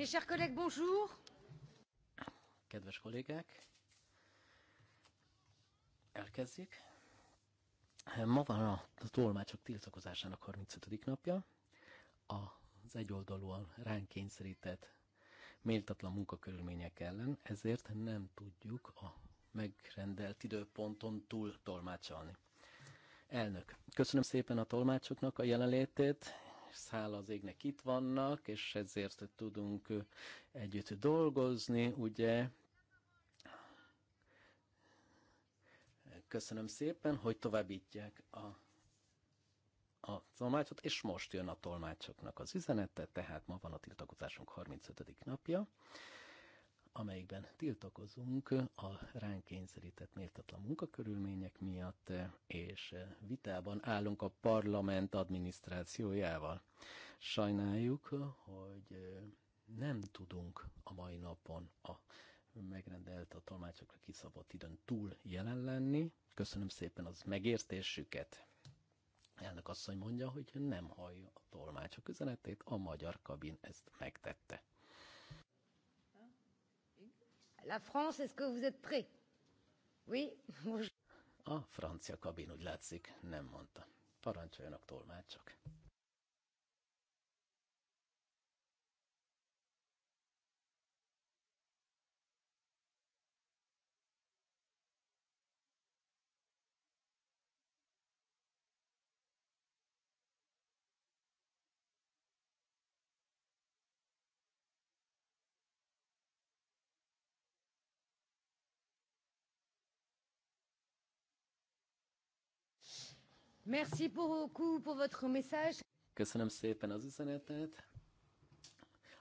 Mes chers collègues, bonjour. Kedves kollégák, elkezdjük. Ma van a tolmácsok tiltakozásának 35. napja. Az egyoldalúan ránk kényszerített méltatlan munkakörülmények ellen, ezért nem tudjuk a megrendelt időponton túl tolmácsolni. Elnök, köszönöm szépen a tolmácsoknak a jelenlétét, száll az égnek itt vannak, és ezért tudunk együtt dolgozni, ugye. Köszönöm szépen, hogy továbbítják a a tolmácsot, és most jön a tolmácsoknak az üzenete, tehát ma van a tiltakozásunk 35. napja amelyikben tiltakozunk a ránk kényszerített méltatlan munkakörülmények miatt, és vitában állunk a parlament adminisztrációjával. Sajnáljuk, hogy nem tudunk a mai napon a megrendelt a tolmácsokra kiszabott időn túl jelen lenni. Köszönöm szépen az megértésüket. Elnök asszony mondja, hogy nem hallja a tolmácsok üzenetét, a magyar kabin ezt megtette. La France, est-ce que vous êtes prêt? Oui? A francia kabin úgy látszik, nem mondta. Parancsoljanak tolmácsok. Merci beaucoup pour votre message. Köszönöm szépen az üzenetet.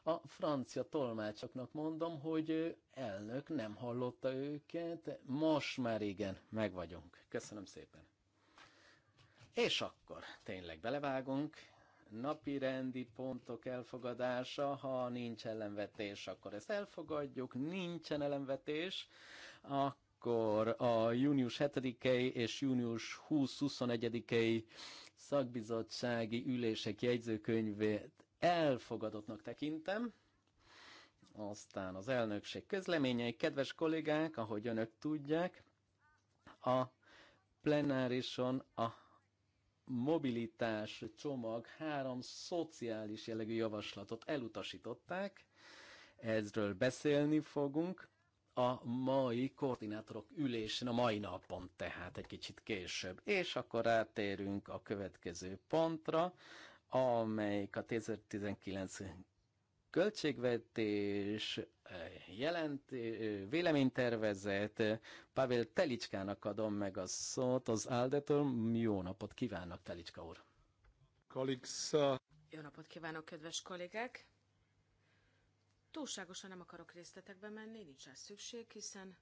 A francia tolmácsoknak mondom, hogy elnök nem hallotta őket, most már igen, meg vagyunk. Köszönöm szépen. És akkor tényleg belevágunk. Napi rendi pontok elfogadása, ha nincs ellenvetés, akkor ezt elfogadjuk, nincsen ellenvetés, akkor akkor a június 7-i és június 20-21-i szakbizottsági ülések jegyzőkönyvét elfogadottnak tekintem. Aztán az elnökség közleményei, kedves kollégák, ahogy önök tudják, a plenárison a mobilitás csomag három szociális jellegű javaslatot elutasították, ezről beszélni fogunk a mai koordinátorok ülésén, a mai napon tehát egy kicsit később. És akkor rátérünk a következő pontra, amelyik a 2019 költségvetés, eh, jelent, eh, véleménytervezet. Pavel Telicskának adom meg a szót az Aldetől. Jó napot kívánok, Telicska úr! Kalixa. Uh, Jó napot kívánok, kedves kollégák! Túlságosan nem akarok részletekbe menni, nincs rá szükség, hiszen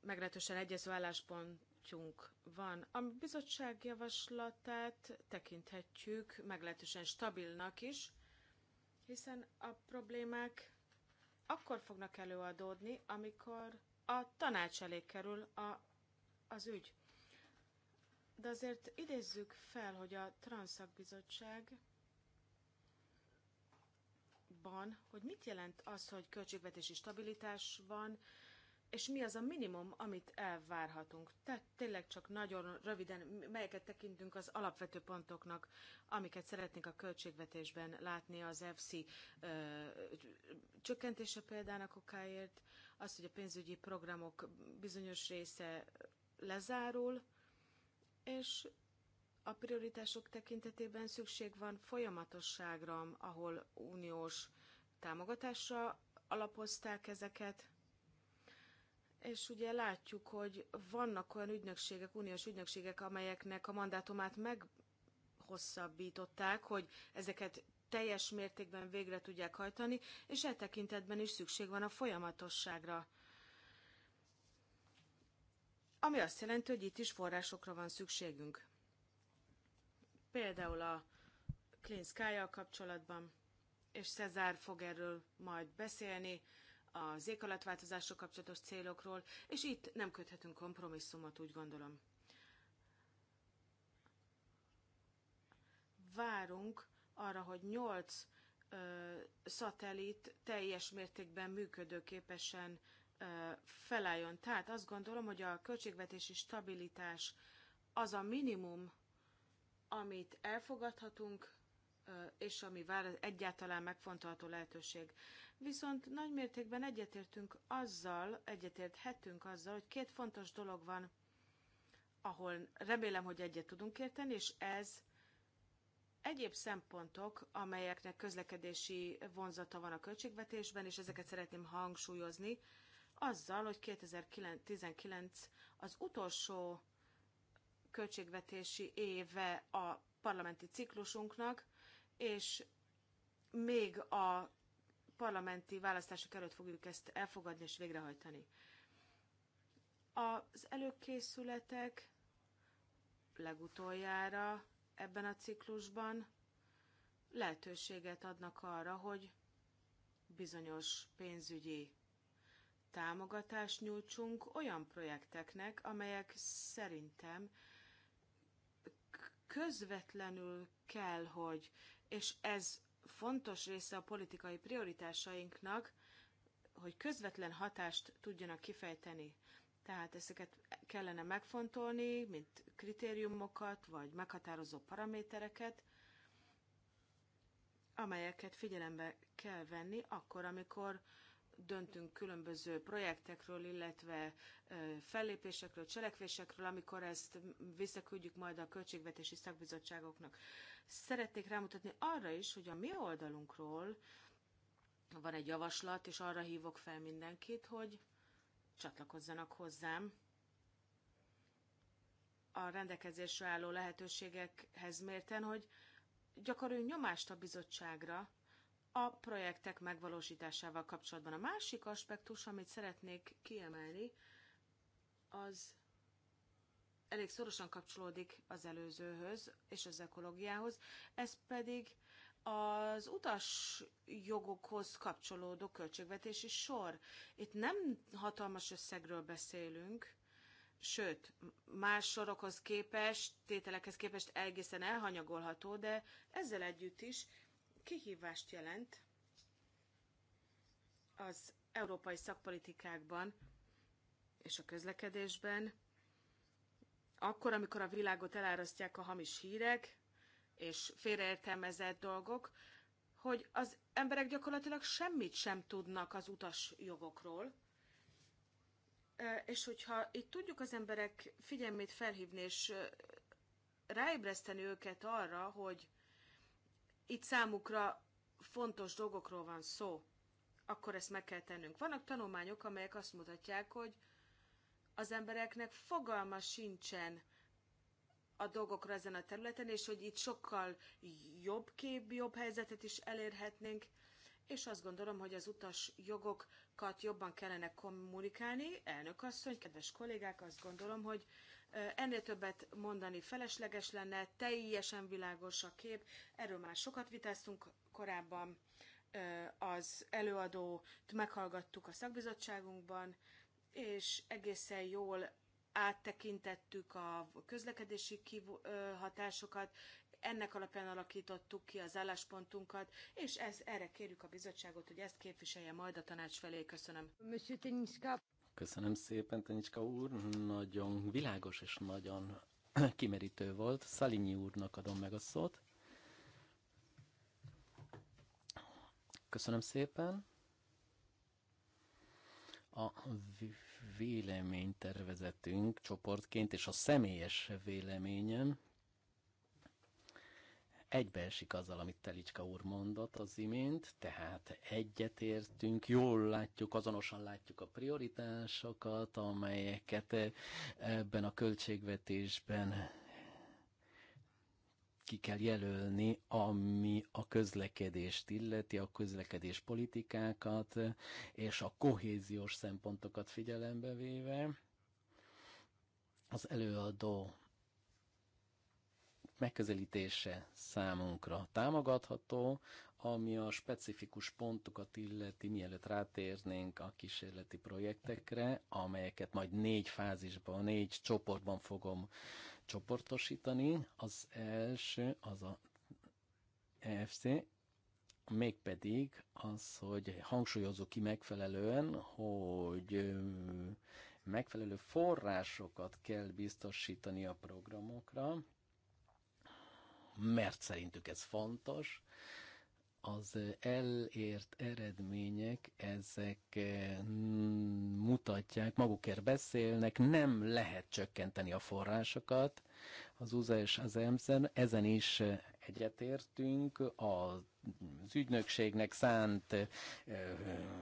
meglehetősen egyező álláspontjunk van. A bizottság javaslatát tekinthetjük meglehetősen stabilnak is, hiszen a problémák akkor fognak előadódni, amikor a tanács elé kerül a, az ügy. De azért idézzük fel, hogy a transzak bizottság abban, hogy mit jelent az, hogy költségvetési stabilitás van, és mi az a minimum, amit elvárhatunk. Tehát tényleg csak nagyon röviden, melyeket tekintünk az alapvető pontoknak, amiket szeretnénk a költségvetésben látni az FC ö, csökkentése példának okáért, az, hogy a pénzügyi programok bizonyos része lezárul, és a prioritások tekintetében szükség van folyamatosságra, ahol uniós támogatásra alapozták ezeket, és ugye látjuk, hogy vannak olyan ügynökségek, uniós ügynökségek, amelyeknek a mandátumát meghosszabbították, hogy ezeket teljes mértékben végre tudják hajtani, és e tekintetben is szükség van a folyamatosságra. Ami azt jelenti, hogy itt is forrásokra van szükségünk például a Clean sky kapcsolatban, és Cezár fog erről majd beszélni, az éghajlatváltozásra kapcsolatos célokról, és itt nem köthetünk kompromisszumot, úgy gondolom. Várunk arra, hogy nyolc szatellit teljes mértékben működőképesen ö, felálljon. Tehát azt gondolom, hogy a költségvetési stabilitás az a minimum, amit elfogadhatunk, és ami egyáltalán megfontolható lehetőség. Viszont nagy mértékben egyetértünk azzal, egyetérthetünk azzal, hogy két fontos dolog van, ahol remélem, hogy egyet tudunk érteni, és ez egyéb szempontok, amelyeknek közlekedési vonzata van a költségvetésben, és ezeket szeretném hangsúlyozni, azzal, hogy 2019 az utolsó költségvetési éve a parlamenti ciklusunknak, és még a parlamenti választások előtt fogjuk ezt elfogadni és végrehajtani. Az előkészületek legutoljára ebben a ciklusban lehetőséget adnak arra, hogy bizonyos pénzügyi támogatást nyújtsunk olyan projekteknek, amelyek szerintem közvetlenül kell, hogy, és ez fontos része a politikai prioritásainknak, hogy közvetlen hatást tudjanak kifejteni. Tehát ezeket kellene megfontolni, mint kritériumokat, vagy meghatározó paramétereket, amelyeket figyelembe kell venni akkor, amikor döntünk különböző projektekről, illetve fellépésekről, cselekvésekről, amikor ezt visszaküldjük majd a költségvetési szakbizottságoknak. Szeretnék rámutatni arra is, hogy a mi oldalunkról van egy javaslat, és arra hívok fel mindenkit, hogy csatlakozzanak hozzám a rendelkezésre álló lehetőségekhez mérten, hogy gyakoroljunk nyomást a bizottságra, a projektek megvalósításával kapcsolatban. A másik aspektus, amit szeretnék kiemelni, az elég szorosan kapcsolódik az előzőhöz és az ekológiához, ez pedig az utas jogokhoz kapcsolódó költségvetési sor. Itt nem hatalmas összegről beszélünk, sőt, más sorokhoz képest, tételekhez képest egészen elhanyagolható, de ezzel együtt is kihívást jelent az európai szakpolitikákban és a közlekedésben, akkor, amikor a világot elárasztják a hamis hírek és félreértelmezett dolgok, hogy az emberek gyakorlatilag semmit sem tudnak az utas jogokról, és hogyha itt tudjuk az emberek figyelmét felhívni, és ráébreszteni őket arra, hogy itt számukra fontos dolgokról van szó, akkor ezt meg kell tennünk. Vannak tanulmányok, amelyek azt mutatják, hogy az embereknek fogalma sincsen a dolgokra ezen a területen, és hogy itt sokkal jobb kép, jobb helyzetet is elérhetnénk, és azt gondolom, hogy az utas jogokat jobban kellene kommunikálni. Elnök asszony, kedves kollégák, azt gondolom, hogy Ennél többet mondani felesleges lenne, teljesen világos a kép, erről már sokat vitáztunk korábban, az előadót meghallgattuk a szakbizottságunkban, és egészen jól áttekintettük a közlekedési hatásokat, ennek alapján alakítottuk ki az álláspontunkat, és ez, erre kérjük a bizottságot, hogy ezt képviselje majd a tanács felé. Köszönöm. Köszönöm szépen, Tanicska úr. Nagyon világos és nagyon kimerítő volt. Szalinyi úrnak adom meg a szót. Köszönöm szépen. A véleménytervezetünk csoportként és a személyes véleményem egybeesik azzal, amit Telicska úr mondott az imént, tehát egyetértünk, jól látjuk, azonosan látjuk a prioritásokat, amelyeket ebben a költségvetésben ki kell jelölni, ami a közlekedést illeti, a közlekedés politikákat és a kohéziós szempontokat figyelembe véve. Az előadó megközelítése számunkra támogatható, ami a specifikus pontokat illeti, mielőtt rátérnénk a kísérleti projektekre, amelyeket majd négy fázisban, négy csoportban fogom csoportosítani. Az első az a EFC, mégpedig az, hogy hangsúlyozzuk ki megfelelően, hogy megfelelő forrásokat kell biztosítani a programokra, mert szerintük ez fontos. Az elért eredmények, ezek eh, mutatják, magukért beszélnek, nem lehet csökkenteni a forrásokat. Az USA és az EMSZ ezen is eh, egyetértünk az ügynökségnek szánt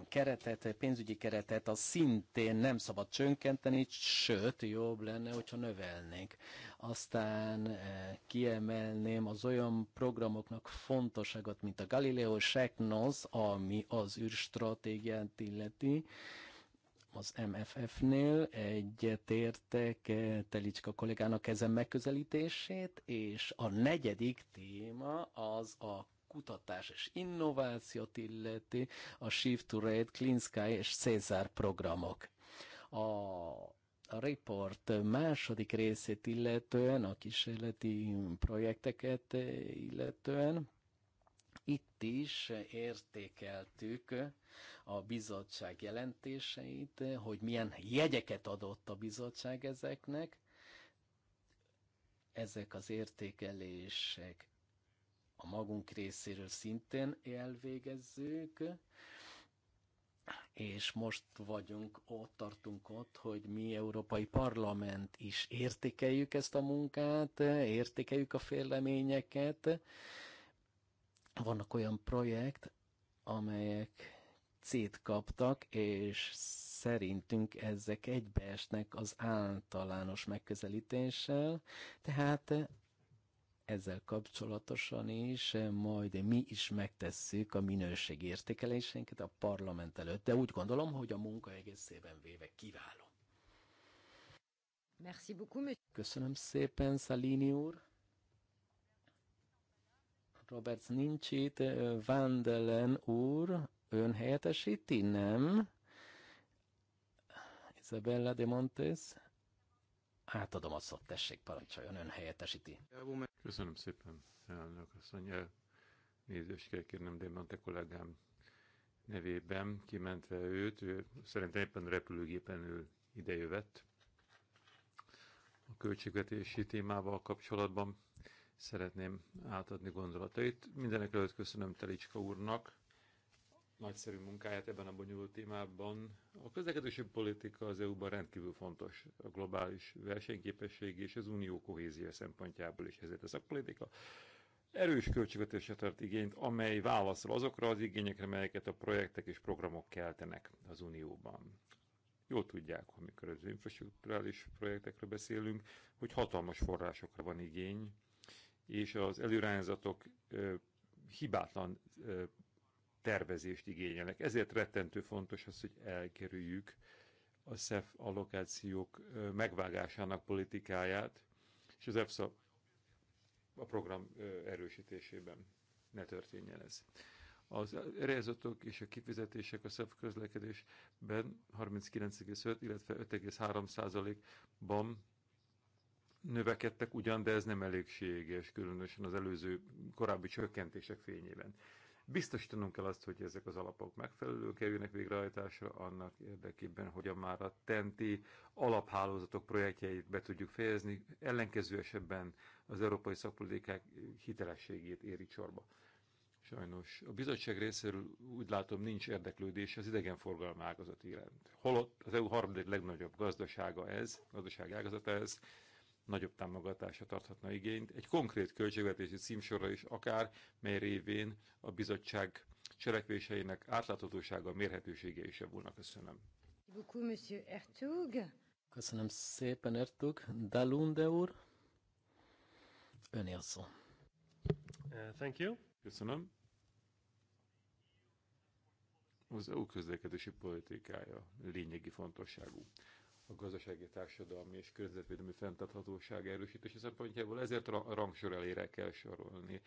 keretet, pénzügyi keretet, az szintén nem szabad csökkenteni, sőt, jobb lenne, hogyha növelnénk. Aztán kiemelném az olyan programoknak fontosságot, mint a Galileo Seknos, ami az űrstratégiát illeti, az MFF-nél egyetértek eh, Telicska kollégának ezen megközelítését, és a negyedik téma az a kutatás és innovációt illeti a Shift to Red, Clean Sky és Cézár programok. A a report második részét illetően, a kísérleti projekteket eh, illetően, itt is értékeltük a bizottság jelentéseit, hogy milyen jegyeket adott a bizottság ezeknek. Ezek az értékelések a magunk részéről szintén elvégezzük, és most vagyunk, ott tartunk ott, hogy mi Európai Parlament is értékeljük ezt a munkát, értékeljük a féleményeket, vannak olyan projekt, amelyek C-t kaptak, és szerintünk ezek egybeesnek az általános megközelítéssel, tehát ezzel kapcsolatosan is majd mi is megtesszük a minőségi értékelésünket a parlament előtt, de úgy gondolom, hogy a munka egészében véve kiváló. Merci beaucoup, Köszönöm szépen, Salini úr. Roberts nincs itt, Vandelen úr, ön helyettesíti? Nem. Isabella de Montes, átadom a szót, tessék, parancsoljon, ön helyettesíti. Köszönöm szépen, elnök asszony. Nézős kell kérnem de Monte kollégám nevében, kimentve őt, ő szerintem éppen repülőgépen ül idejövett. A költségvetési témával kapcsolatban szeretném átadni gondolatait. Mindenek előtt köszönöm Telicska úrnak nagyszerű munkáját ebben a bonyolult témában. A közlekedési politika az EU-ban rendkívül fontos a globális versenyképesség és az unió kohézia szempontjából is ezért ez a politika. Erős költségvetésre tart igényt, amely válaszol azokra az igényekre, melyeket a projektek és programok keltenek az unióban. Jól tudják, amikor az infrastruktúrális projektekről beszélünk, hogy hatalmas forrásokra van igény, és az előrányzatok hibátlan tervezést igényelnek. Ezért rettentő fontos az, hogy elkerüljük a SZEF allokációk megvágásának politikáját, és az EFSA a program erősítésében ne történjen ez. Az erőzatok és a kifizetések a SZEF közlekedésben 39,5, illetve 5,3 százalékban növekedtek ugyan, de ez nem elégséges, különösen az előző korábbi csökkentések fényében. Biztosítanunk kell azt, hogy ezek az alapok megfelelő kerülnek végrehajtásra annak érdekében, hogy a már a tenti alaphálózatok projektjeit be tudjuk fejezni, ellenkező esetben az európai szakpolitikák hitelességét éri csorba. Sajnos a bizottság részéről úgy látom nincs érdeklődés az idegenforgalmi ágazat iránt. Holott az EU harmadik legnagyobb gazdasága ez, gazdasági ágazata ez, nagyobb támogatásra tarthatna igényt, egy konkrét költségvetési címsorra is akár, mely révén a bizottság cselekvéseinek átláthatósága, mérhetősége is javulna. Köszönöm. Köszönöm szépen, Ertug. Dalunde úr, öné a szó. Uh, thank you. Köszönöm. Az EU közlekedési politikája lényegi fontosságú a gazdasági, társadalmi és környezetvédelmi fenntarthatóság erősítése szempontjából, ezért a rangsor elére kell sorolni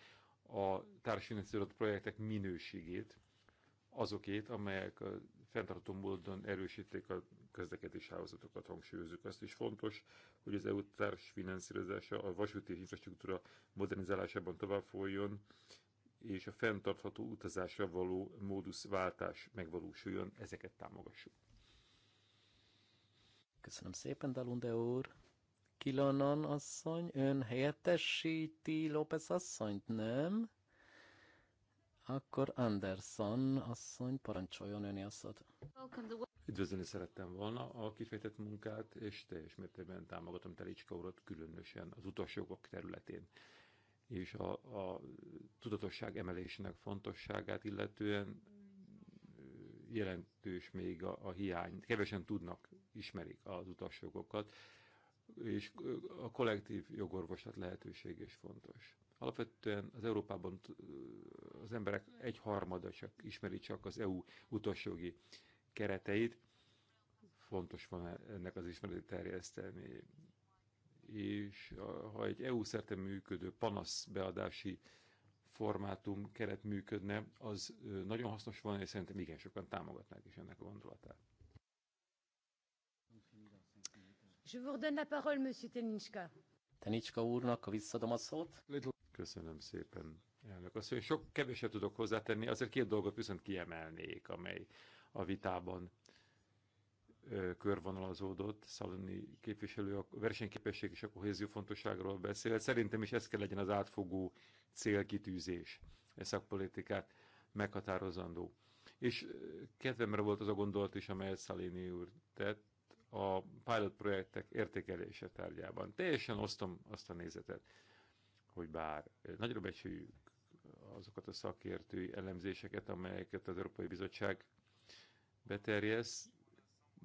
a társfinanszírozott projektek minőségét, azokét, amelyek a fenntartható módon erősítik a közlekedési hálózatokat, hangsúlyozzuk. Azt is fontos, hogy az EU társfinanszírozása a vasúti infrastruktúra modernizálásában tovább folyjon, és a fenntartható utazásra való váltás megvalósuljon, ezeket támogassuk. Köszönöm szépen, Dalunde úr. Kilonon asszony, ön helyettesíti López asszonyt, nem? Akkor Anderson asszony, parancsoljon öni a szót. Üdvözölni szerettem volna a kifejtett munkát, és teljes mértékben támogatom Telicska urat, különösen az utasjogok területén és a, a tudatosság emelésének fontosságát illetően jelentős még a, a hiány. Kevesen tudnak, ismerik az utasjogokat, és a kollektív jogorvoslat lehetőség is fontos. Alapvetően az Európában az emberek egy harmada csak ismeri csak az EU utasjogi kereteit. Fontos van ennek az ismeret terjeszteni. És ha egy EU szerte működő panaszbeadási formátum keret működne, az nagyon hasznos volna, és szerintem igen sokan támogatnák is ennek a gondolatát. Je vous redonne la parole, monsieur Tenicska. Tenicska úrnak visszadom a szót. Köszönöm szépen, elnök asszony. Sok keveset tudok hozzátenni, azért két dolgot viszont kiemelnék, amely a vitában körvonalazódott, Szaloni képviselő a versenyképesség és a kohézió fontosságról beszélt. Szerintem is ez kell legyen az átfogó célkitűzés, e szakpolitikát meghatározandó. És kedvemre volt az a gondolat is, amelyet Szalini úr tett a pilot projektek értékelése tárgyában. Teljesen osztom azt a nézetet, hogy bár nagyra becsüljük azokat a szakértői elemzéseket, amelyeket az Európai Bizottság beterjesz,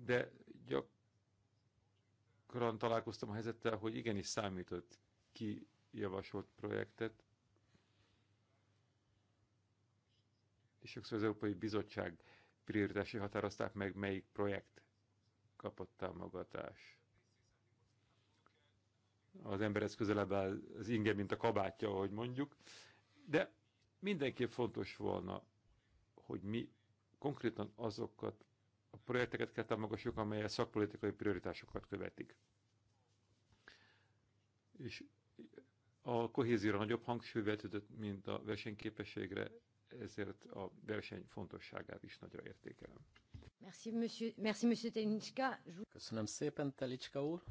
de gyakran találkoztam a helyzettel, hogy igenis számított ki javasolt projektet, és sokszor az Európai Bizottság prioritási határozták meg, melyik projekt kapott támogatást. Az emberhez közelebb áll az inge, mint a kabátja, ahogy mondjuk. De mindenképp fontos volna, hogy mi konkrétan azokat a projekteket kell támogassuk, amelyek szakpolitikai prioritásokat követik. És a kohézióra nagyobb hangsúly vetődött, mint a versenyképességre ezért a verseny fontosságát is nagyra értékelem. Merci, monsieur, merci, monsieur Köszönöm szépen, Telicska úr.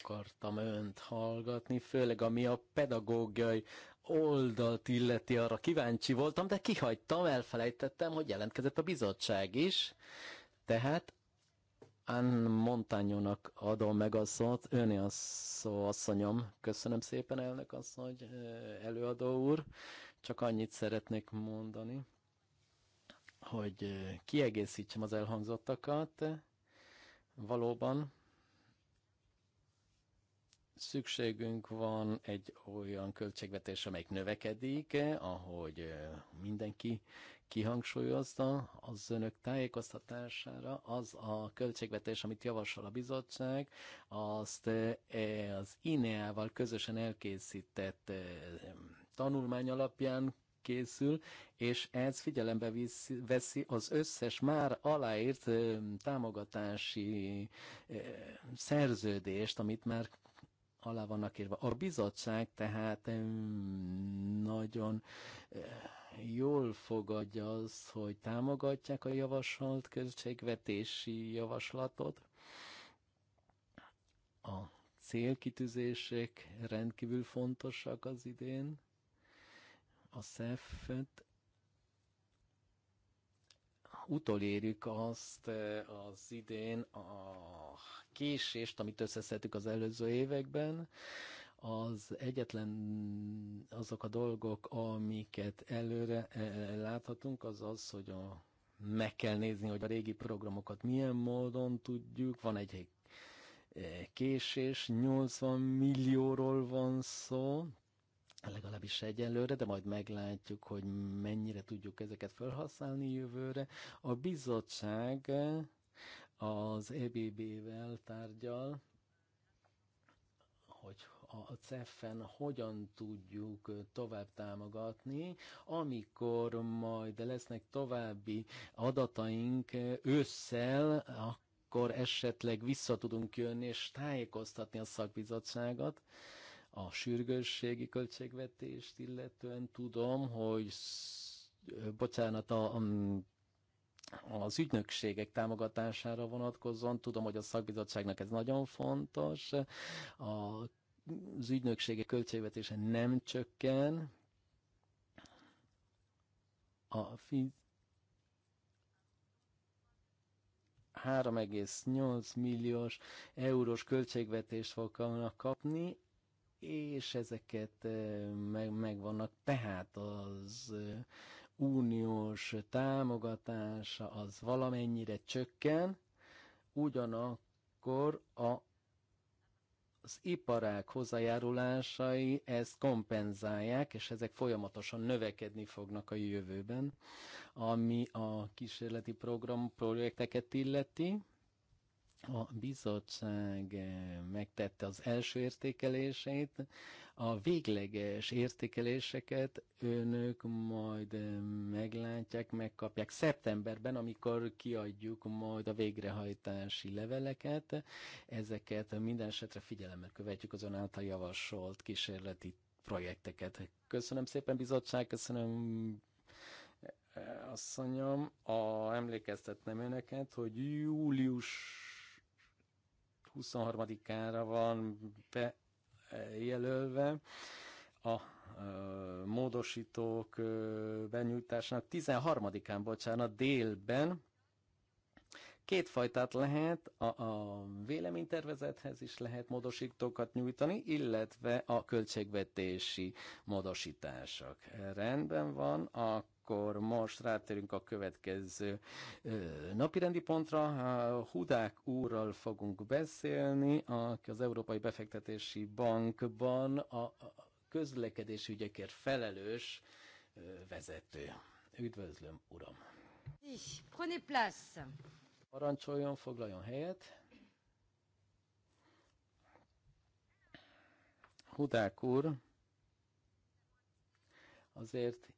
Akartam önt hallgatni, főleg ami a pedagógiai oldalt illeti, arra kíváncsi voltam, de kihagytam, elfelejtettem, hogy jelentkezett a bizottság is. Tehát Ann Montányónak adom meg a szót, öné a szó, asszonyom. Köszönöm szépen, elnök asszony, előadó úr. Csak annyit szeretnék mondani, hogy kiegészítsem az elhangzottakat. Valóban szükségünk van egy olyan költségvetés, amelyik növekedik, ahogy mindenki kihangsúlyozza az önök tájékoztatására, az a költségvetés, amit javasol a bizottság, azt eh, az INEA-val közösen elkészített eh, tanulmány alapján készül, és ez figyelembe viszi, veszi az összes már aláírt eh, támogatási szerződést, amit már alá vannak írva. A bizottság tehát nagyon jól fogadja az, hogy támogatják a javasolt költségvetési javaslatot. A célkitűzések rendkívül fontosak az idén. A szef utolérjük azt eh, az idén a késést, amit összeszedtük az előző években az egyetlen azok a dolgok, amiket előre e, e, láthatunk, az az, hogy a, meg kell nézni, hogy a régi programokat milyen módon tudjuk. Van egy e, késés, 80 millióról van szó, legalábbis egyelőre, de majd meglátjuk, hogy mennyire tudjuk ezeket felhasználni jövőre. A bizottság az EBB-vel tárgyal, hogy a CEF-en hogyan tudjuk tovább támogatni, amikor majd lesznek további adataink ősszel, akkor esetleg vissza tudunk jönni és tájékoztatni a szakbizottságot a sürgősségi költségvetést, illetően tudom, hogy bocsánat, a, a az ügynökségek támogatására vonatkozóan. Tudom, hogy a szakbizottságnak ez nagyon fontos. A az ügynöksége költségvetése nem csökken, a fiz 3,8 milliós eurós költségvetést fognak kapni, és ezeket meg, megvannak. Tehát az uniós támogatása az valamennyire csökken, ugyanakkor a az iparák hozzájárulásai ezt kompenzálják, és ezek folyamatosan növekedni fognak a jövőben, ami a kísérleti program projekteket illeti. A bizottság megtette az első értékelését. A végleges értékeléseket önök majd meglátják, megkapják szeptemberben, amikor kiadjuk majd a végrehajtási leveleket. Ezeket minden esetre figyelemmel követjük azon által javasolt kísérleti projekteket. Köszönöm szépen, bizottság, köszönöm asszonyom, a, emlékeztetnem önöket, hogy július 23-ára van be jelölve a módosítók benyújtásnak 13-án, bocsánat, délben, Kétfajtát lehet, a, a véleménytervezethez is lehet módosítókat nyújtani, illetve a költségvetési módosítások. Rendben van, a akkor most rátérünk a következő napirendi pontra. Hudák úrral fogunk beszélni, aki az Európai Befektetési Bankban a közlekedési ügyekért felelős vezető. Üdvözlöm, uram! Prenez place! Parancsoljon, foglaljon helyet! Hudák úr, azért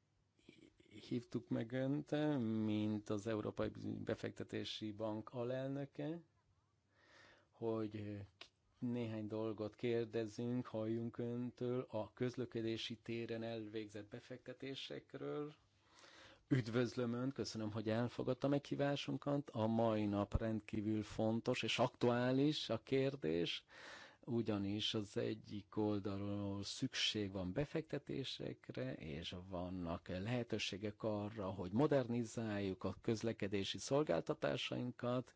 hívtuk meg önt, mint az Európai Befektetési Bank alelnöke, hogy néhány dolgot kérdezünk, halljunk öntől a közlekedési téren elvégzett befektetésekről. Üdvözlöm Önt, köszönöm, hogy elfogadta meghívásunkat. A mai nap rendkívül fontos és aktuális a kérdés ugyanis az egyik oldalról szükség van befektetésekre, és vannak lehetőségek arra, hogy modernizáljuk a közlekedési szolgáltatásainkat,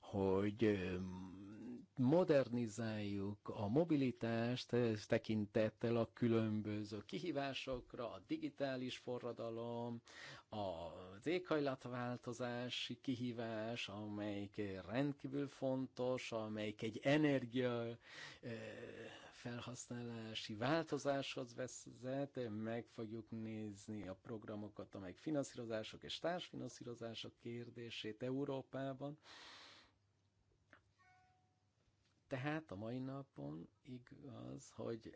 hogy modernizáljuk a mobilitást tekintettel a különböző kihívásokra, a digitális forradalom, az éghajlatváltozási kihívás, amelyik rendkívül fontos, amelyik egy energia eh, felhasználási változáshoz vezet, meg fogjuk nézni a programokat, amelyek finanszírozások és társfinanszírozások kérdését Európában. Tehát a mai napon igaz, hogy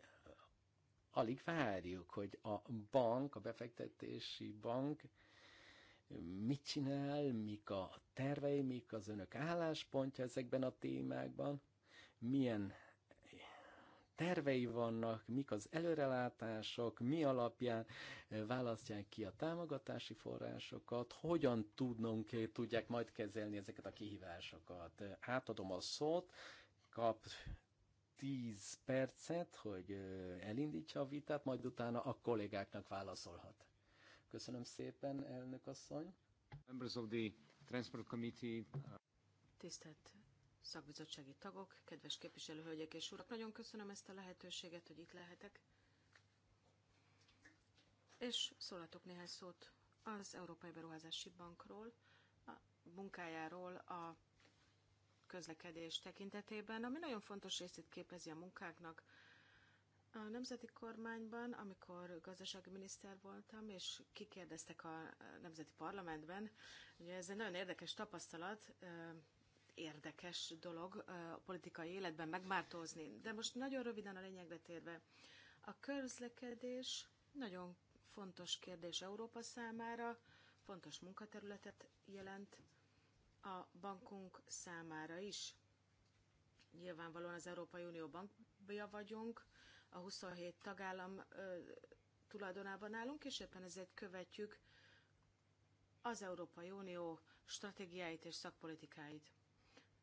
alig várjuk, hogy a bank, a befektetési bank mit csinál, mik a tervei, mik az önök álláspontja ezekben a témákban, milyen tervei vannak, mik az előrelátások, mi alapján választják ki a támogatási forrásokat, hogyan tudnunk, eh, tudják majd kezelni ezeket a kihívásokat. Átadom a szót kap 10 percet, hogy elindítsa a vitát, majd utána a kollégáknak válaszolhat. Köszönöm szépen, elnök asszony. Members of the Transport Committee. Uh, Tisztelt szakbizottsági tagok, kedves képviselőhölgyek és urak, nagyon köszönöm ezt a lehetőséget, hogy itt lehetek. És szólatok néhány szót az Európai Beruházási Bankról, a munkájáról, a közlekedés tekintetében, ami nagyon fontos részét képezi a munkáknak. A nemzeti kormányban, amikor gazdasági miniszter voltam, és kikérdeztek a nemzeti parlamentben, ugye ez egy nagyon érdekes tapasztalat, érdekes dolog a politikai életben megmártózni. De most nagyon röviden a lényegre térve. A közlekedés nagyon fontos kérdés Európa számára, fontos munkaterületet jelent, a bankunk számára is. Nyilvánvalóan az Európai Unió bankja vagyunk, a 27 tagállam ö, tulajdonában állunk, és éppen ezért követjük az Európai Unió stratégiáit és szakpolitikáit.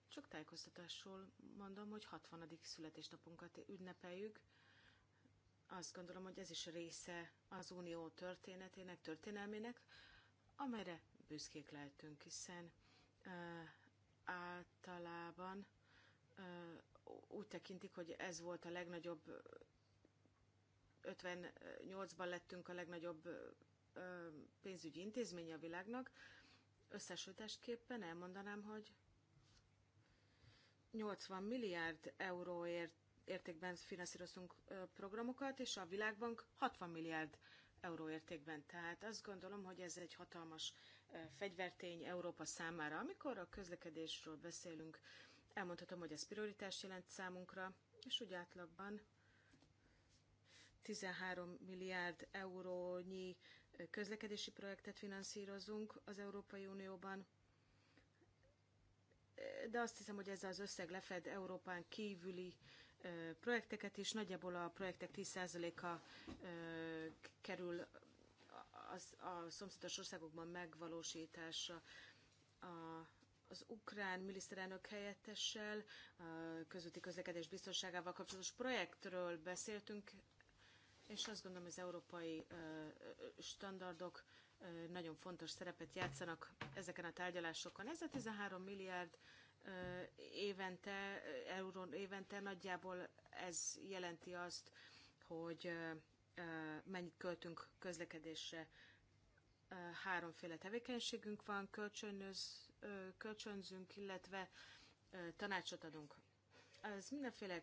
Csak tájékoztatásról, mondom, hogy 60. születésnapunkat ünnepeljük. Azt gondolom, hogy ez is része az Unió történetének, történelmének, amelyre büszkék lehetünk, hiszen általában úgy tekintik, hogy ez volt a legnagyobb, 58-ban lettünk a legnagyobb pénzügyi intézmény a világnak. Összesültesképpen elmondanám, hogy 80 milliárd euróért értékben finanszíroztunk programokat, és a Világbank 60 milliárd euró értékben. Tehát azt gondolom, hogy ez egy hatalmas fegyvertény Európa számára. Amikor a közlekedésről beszélünk, elmondhatom, hogy ez prioritás jelent számunkra, és úgy átlagban 13 milliárd eurónyi közlekedési projektet finanszírozunk az Európai Unióban, de azt hiszem, hogy ez az összeg lefed Európán kívüli projekteket is. Nagyjából a projektek 10%-a kerül az, a szomszédos országokban megvalósítása a, az ukrán miniszterelnök helyettessel, közúti közlekedés biztonságával kapcsolatos projektről beszéltünk, és azt gondolom, az európai standardok nagyon fontos szerepet játszanak ezeken a tárgyalásokon. Ez a 13 milliárd évente, euró évente nagyjából ez jelenti azt, hogy mennyit költünk közlekedésre. Háromféle tevékenységünk van, kölcsönöz, kölcsönzünk, illetve tanácsot adunk. Ez mindenféle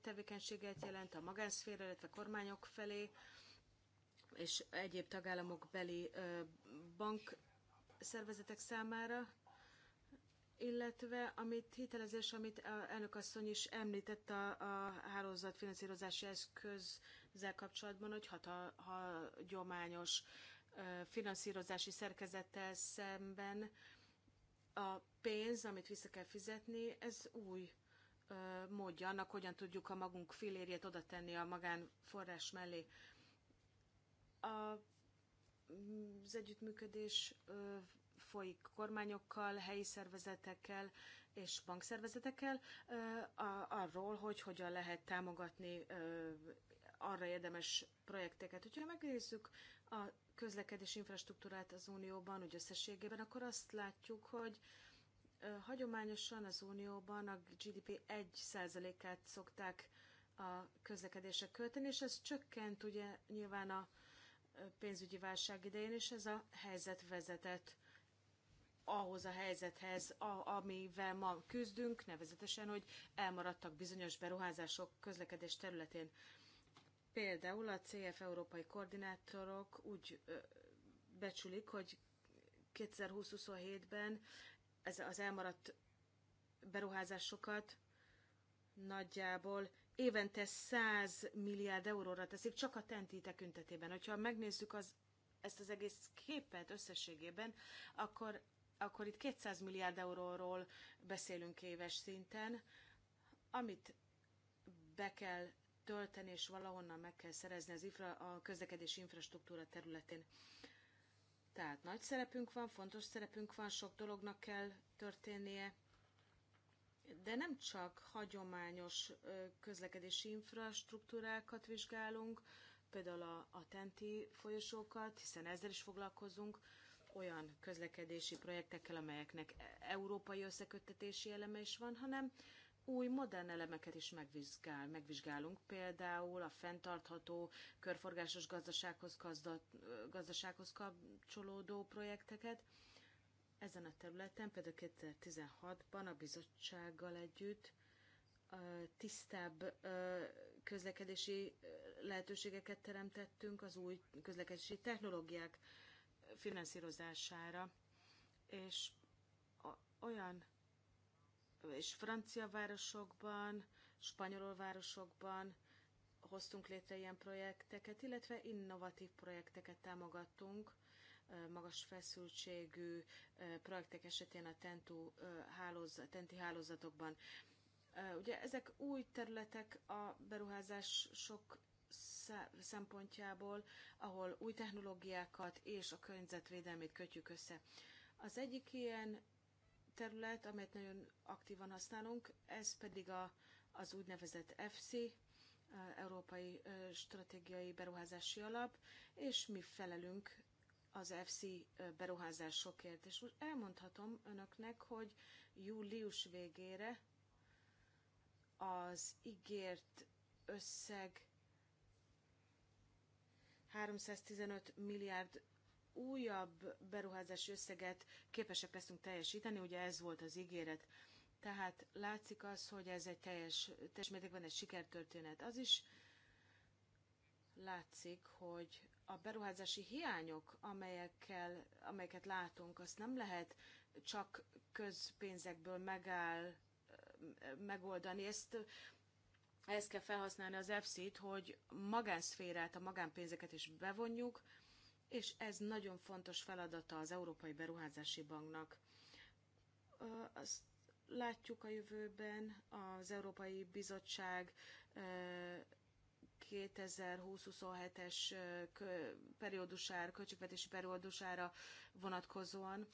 tevékenységet jelent a magánszféra, illetve kormányok felé, és egyéb tagállamok beli bank szervezetek számára, illetve amit hitelezés, amit elnök asszony is említett a, a hálózatfinanszírozási eszközzel kapcsolatban, hogy hagyományos finanszírozási szerkezettel szemben a pénz, amit vissza kell fizetni, ez új módja annak, hogyan tudjuk a magunk filérjét oda tenni a magánforrás mellé. A, az együttműködés folyik kormányokkal, helyi szervezetekkel és bankszervezetekkel arról, hogy hogyan lehet támogatni arra érdemes projekteket. Hogyha megnézzük a közlekedés infrastruktúrát az Unióban, úgy összességében, akkor azt látjuk, hogy hagyományosan az Unióban a GDP 1%-át szokták a közlekedésre költeni, és ez csökkent ugye nyilván a pénzügyi válság idején, és ez a helyzet vezetett ahhoz a helyzethez, a, amivel ma küzdünk, nevezetesen, hogy elmaradtak bizonyos beruházások közlekedés területén. Például a CF európai koordinátorok úgy ö, becsülik, hogy 2027-ben ez az elmaradt beruházásokat nagyjából évente 100 milliárd euróra teszik, csak a tenti tekintetében. Hogyha megnézzük az, ezt az egész képet összességében, akkor akkor itt 200 milliárd euróról beszélünk éves szinten, amit be kell tölteni, és valahonnan meg kell szerezni az infra, a közlekedési infrastruktúra területén. Tehát nagy szerepünk van, fontos szerepünk van, sok dolognak kell történnie, de nem csak hagyományos közlekedési infrastruktúrákat vizsgálunk, például a, a tenti folyosókat, hiszen ezzel is foglalkozunk, olyan közlekedési projektekkel, amelyeknek e- európai összeköttetési eleme is van, hanem új modern elemeket is megvizsgál. megvizsgálunk, például a fenntartható körforgásos gazdasághoz, gazda, gazdasághoz kapcsolódó projekteket. Ezen a területen például 2016-ban a bizottsággal együtt tisztább közlekedési lehetőségeket teremtettünk az új közlekedési technológiák finanszírozására, és olyan és francia városokban, spanyol városokban hoztunk létre ilyen projekteket, illetve innovatív projekteket támogattunk, magas feszültségű projektek esetén a tentú hálózat, tenti hálózatokban. Ugye ezek új területek a beruházások szempontjából, ahol új technológiákat és a környezetvédelmét kötjük össze. Az egyik ilyen terület, amelyet nagyon aktívan használunk, ez pedig a, az úgynevezett FC, Európai Stratégiai Beruházási Alap, és mi felelünk az FC beruházásokért. És most elmondhatom önöknek, hogy július végére az ígért összeg 315 milliárd újabb beruházási összeget képesek leszünk teljesíteni, ugye ez volt az ígéret. Tehát látszik az, hogy ez egy teljes, teljes mértékben egy sikertörténet. Az is látszik, hogy a beruházási hiányok, amelyekkel, amelyeket látunk, azt nem lehet csak közpénzekből megáll, megoldani. Ezt ehhez kell felhasználni az EFSZ-t, hogy magánszférát, a magánpénzeket is bevonjuk, és ez nagyon fontos feladata az Európai Beruházási Banknak. Azt látjuk a jövőben az Európai Bizottság 2020-27-es periódusára, költségvetési periódusára vonatkozóan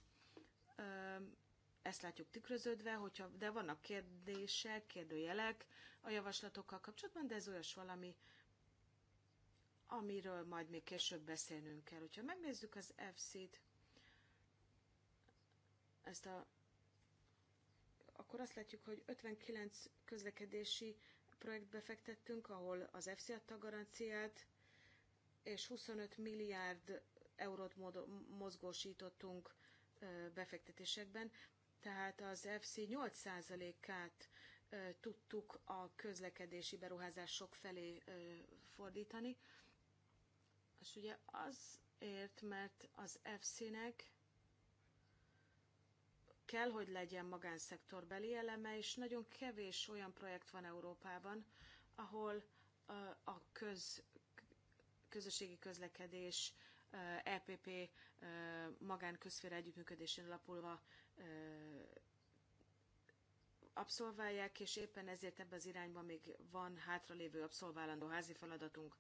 ezt látjuk tükröződve, hogyha, de vannak kérdések, kérdőjelek a javaslatokkal kapcsolatban, de ez olyas valami, amiről majd még később beszélnünk kell. Hogyha megnézzük az FC-t, ezt a, akkor azt látjuk, hogy 59 közlekedési projektbe fektettünk, ahol az FC adta garanciát, és 25 milliárd eurót mozgósítottunk befektetésekben tehát az FC 8%-át tudtuk a közlekedési beruházások felé fordítani. És ugye azért, mert az FC-nek kell, hogy legyen magánszektorbeli eleme, és nagyon kevés olyan projekt van Európában, ahol a köz, közösségi közlekedés EPP magánközféle együttműködésén alapulva abszolválják, és éppen ezért ebben az irányban még van hátralévő abszolválandó házi feladatunk.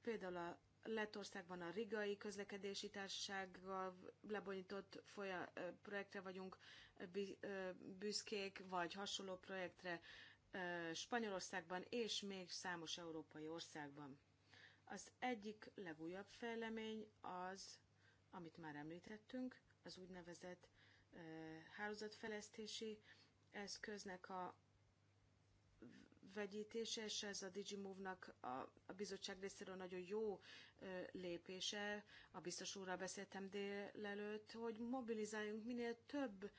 Például a Lettországban a Rigai Közlekedési Társasággal lebonyított folya, projektre vagyunk büszkék, vagy hasonló projektre Spanyolországban és még számos európai országban. Az egyik legújabb fejlemény az, amit már említettünk, az úgynevezett hálózatfejlesztési eszköznek a vegyítése, és ez a Digimove-nak a, a bizottság részéről nagyon jó ö, lépése. A biztos úrral beszéltem délelőtt, hogy mobilizáljunk minél több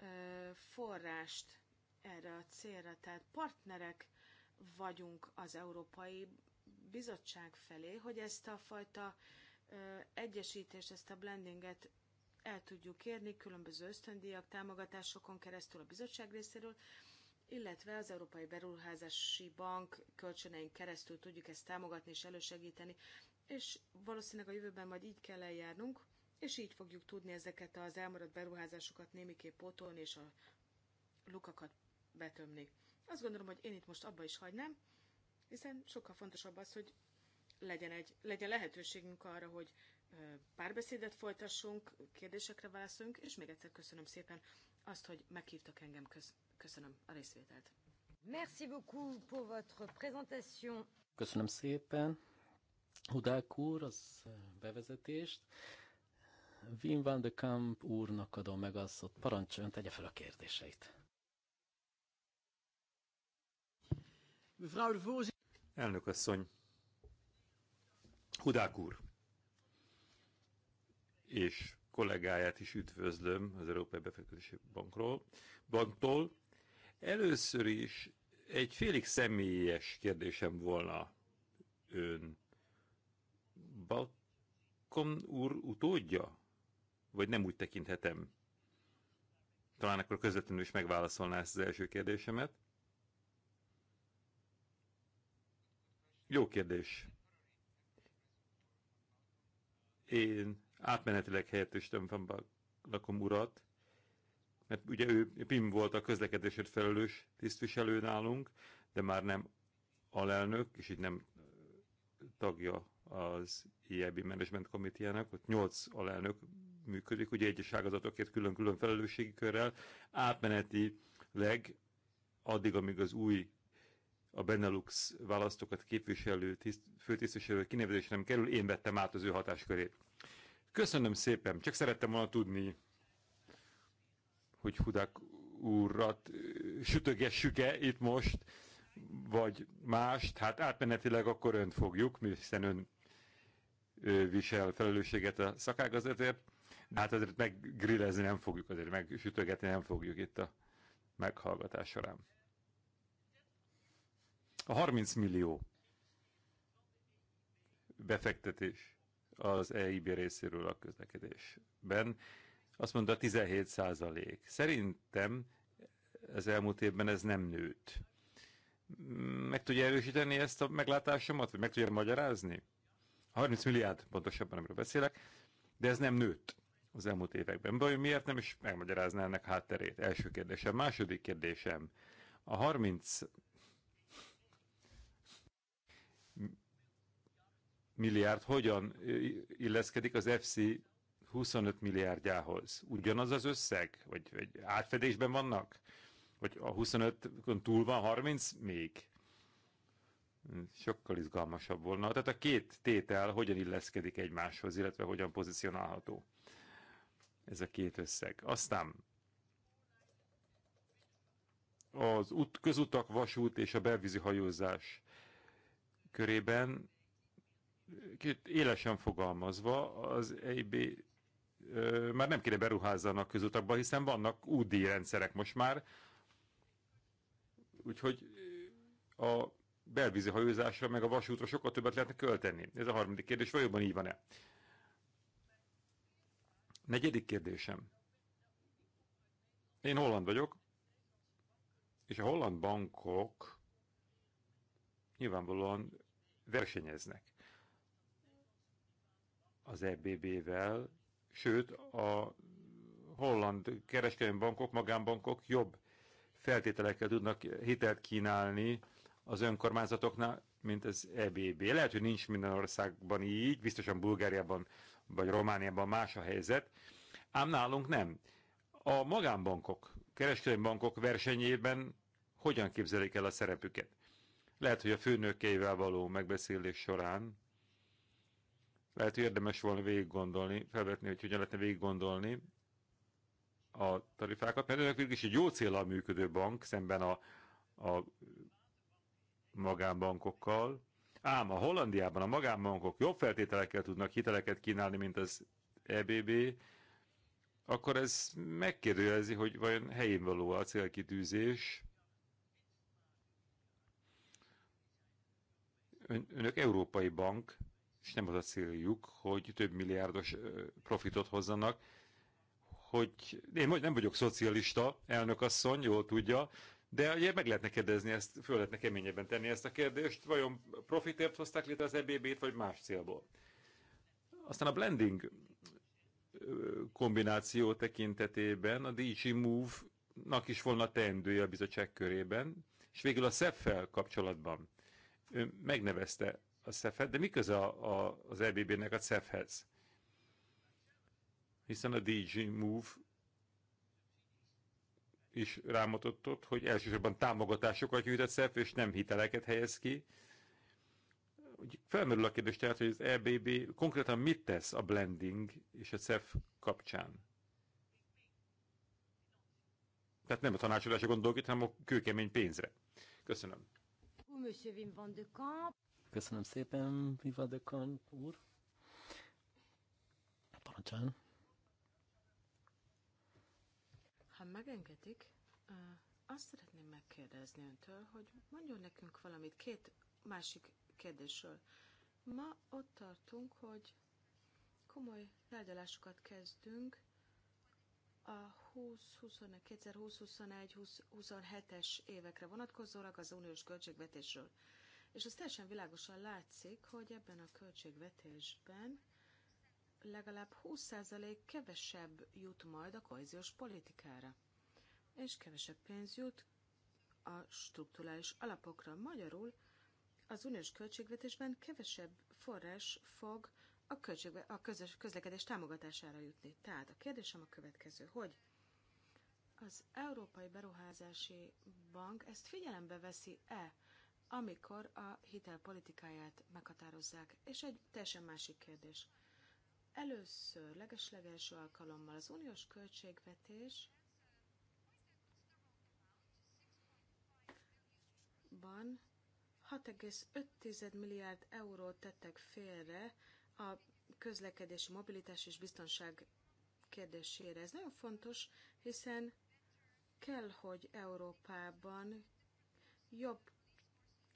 ö, forrást erre a célra. Tehát partnerek vagyunk az Európai Bizottság felé, hogy ezt a fajta ö, egyesítést, ezt a blendinget el tudjuk érni különböző ösztöndíjak, támogatásokon keresztül a bizottság részéről, illetve az Európai Beruházási Bank kölcsöneink keresztül tudjuk ezt támogatni és elősegíteni, és valószínűleg a jövőben majd így kell eljárnunk, és így fogjuk tudni ezeket az elmaradt beruházásokat némiképp pótolni és a lukakat betömni. Azt gondolom, hogy én itt most abba is hagynám, hiszen sokkal fontosabb az, hogy legyen, egy, legyen lehetőségünk arra, hogy párbeszédet folytassunk, kérdésekre válaszoljunk, és még egyszer köszönöm szépen azt, hogy meghívtak engem. Köszönöm a részvételt. Merci beaucoup pour votre présentation. Köszönöm szépen, Hudák úr, az bevezetést. Wim van de Kamp úrnak adom meg azt, hogy parancsoljon, tegye fel a kérdéseit. Elnök asszony, Hudák úr, és kollégáját is üdvözlöm az Európai Befektetési Bankról, Banktól. Először is egy félig személyes kérdésem volna ön. Balkon úr utódja? Vagy nem úgy tekinthetem? Talán akkor közvetlenül is megválaszolná ezt az első kérdésemet. Jó kérdés. Én átmenetileg helyettes Van Lakom urat, mert ugye ő PIM volt a közlekedésért felelős tisztviselő nálunk, de már nem alelnök, és így nem tagja az IEB Management Committee-nek, ott nyolc alelnök működik, ugye egyes ágazatokért külön-külön felelősségi körrel, átmenetileg addig, amíg az új a Benelux választókat képviselő tiszt, főtisztviselő kinevezésre nem kerül, én vettem át az ő hatáskörét. Köszönöm szépen, csak szerettem volna tudni, hogy Hudák úrat sütögessük-e itt most, vagy mást, hát átmenetileg akkor önt fogjuk, hiszen ön visel felelősséget a szakágazatért, de hát azért grillezni nem fogjuk, azért megsütögetni nem fogjuk itt a meghallgatás során. A 30 millió befektetés az EIB részéről a közlekedésben. Azt mondta 17 százalék. Szerintem az elmúlt évben ez nem nőtt. Meg tudja erősíteni ezt a meglátásomat, vagy meg tudja magyarázni? 30 milliárd pontosabban, amiről beszélek, de ez nem nőtt az elmúlt években. Baj, miért nem is megmagyarázná ennek hátterét? Első kérdésem. Második kérdésem. A 30 milliárd hogyan illeszkedik az FC 25 milliárdjához? Ugyanaz az összeg? Vagy, vagy átfedésben vannak? Vagy a 25-on túl van 30 még? Sokkal izgalmasabb volna. Tehát a két tétel hogyan illeszkedik egymáshoz, illetve hogyan pozícionálható ez a két összeg. Aztán az út, közutak, vasút és a belvízi hajózás körében Két élesen fogalmazva az EIB ö, már nem kéne beruházzanak közutakba, hiszen vannak údi rendszerek most már, úgyhogy a belvízi hajózásra meg a vasútra sokkal többet lehetne költeni. Ez a harmadik kérdés, valójában így van-e? Negyedik kérdésem. Én holland vagyok, és a holland bankok nyilvánvalóan versenyeznek az EBB-vel, sőt a holland kereskedelmi bankok, magánbankok jobb feltételekkel tudnak hitelt kínálni az önkormányzatoknál, mint az EBB. Lehet, hogy nincs minden országban így, biztosan Bulgáriában vagy Romániában más a helyzet, ám nálunk nem. A magánbankok, kereskedelmi bankok versenyében hogyan képzelik el a szerepüket? Lehet, hogy a főnökeivel való megbeszélés során lehet, hogy érdemes volna végig gondolni, felvetni, hogy hogyan lehetne végig gondolni a tarifákat, mert önök végül is egy jó célra működő bank szemben a, a magánbankokkal, ám a Hollandiában a magánbankok jobb feltételekkel tudnak hiteleket kínálni, mint az EBB, akkor ez megkérdőjelezi, hogy vajon helyén való a célkitűzés. Ön, önök európai bank, és nem az a céljuk, hogy több milliárdos profitot hozzanak, hogy én nem vagyok szocialista, elnökasszony, jól tudja, de ugye meg lehetne kérdezni ezt, föl lehetne keményebben tenni ezt a kérdést, vajon profitért hozták létre az EBB-t, vagy más célból. Aztán a blending kombináció tekintetében a DG Move-nak is volna teendője a bizottság körében, és végül a SEF-fel kapcsolatban ő megnevezte a szef de mi köze a, a, az EBB-nek a CEF-hez? Hiszen a DG Move is rámutatott, hogy elsősorban támogatásokat nyújt a CEF, és nem hiteleket helyez ki. Felmerül a kérdés tehát, hogy az EBB konkrétan mit tesz a blending és a CEF kapcsán? Tehát nem a tanácsadásra gondolok itt, hanem a kőkemény pénzre. Köszönöm. Köszönöm szépen, Vivadekan úr. Parancsoljon. Ha megengedik, azt szeretném megkérdezni öntől, hogy mondjon nekünk valamit két másik kérdésről. Ma ott tartunk, hogy komoly tárgyalásokat kezdünk a 2021-2027-es évekre vonatkozólag az uniós költségvetésről. És az teljesen világosan látszik, hogy ebben a költségvetésben legalább 20% kevesebb jut majd a kohéziós politikára, és kevesebb pénz jut a strukturális alapokra. Magyarul az uniós költségvetésben kevesebb forrás fog a, költségve, a közös, közlekedés támogatására jutni. Tehát a kérdésem a következő, hogy az Európai Beruházási Bank ezt figyelembe veszi-e amikor a hitelpolitikáját meghatározzák. És egy teljesen másik kérdés. Először, legeslegelső alkalommal az uniós költségvetés ban 6,5 milliárd eurót tettek félre a közlekedési mobilitás és biztonság kérdésére. Ez nagyon fontos, hiszen kell, hogy Európában jobb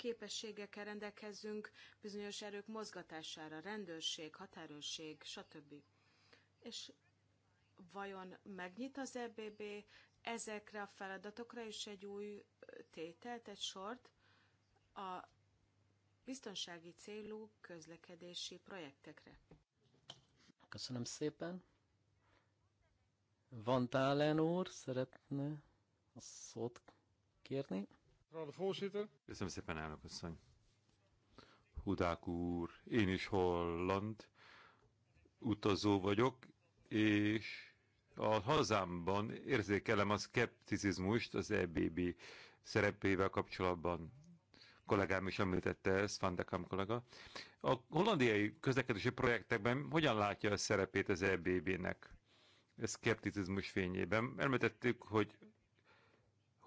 képességekkel rendelkezünk, bizonyos erők mozgatására, rendőrség, határőrség, stb. És vajon megnyit az EBB ezekre a feladatokra is egy új tételt, egy sort a biztonsági célú közlekedési projektekre? Köszönöm szépen. Van Tálen úr, szeretne a szót kérni? Köszönöm szépen, elnök asszony. Hudák úr, én is holland utazó vagyok, és a hazámban érzékelem a szkepticizmust az EBB szerepével kapcsolatban. Kollégám is említette ezt, Van de Kamp kollega. A hollandiai közlekedési projektekben hogyan látja a szerepét az EBB-nek? szkepticizmus fényében. Elmetettük, hogy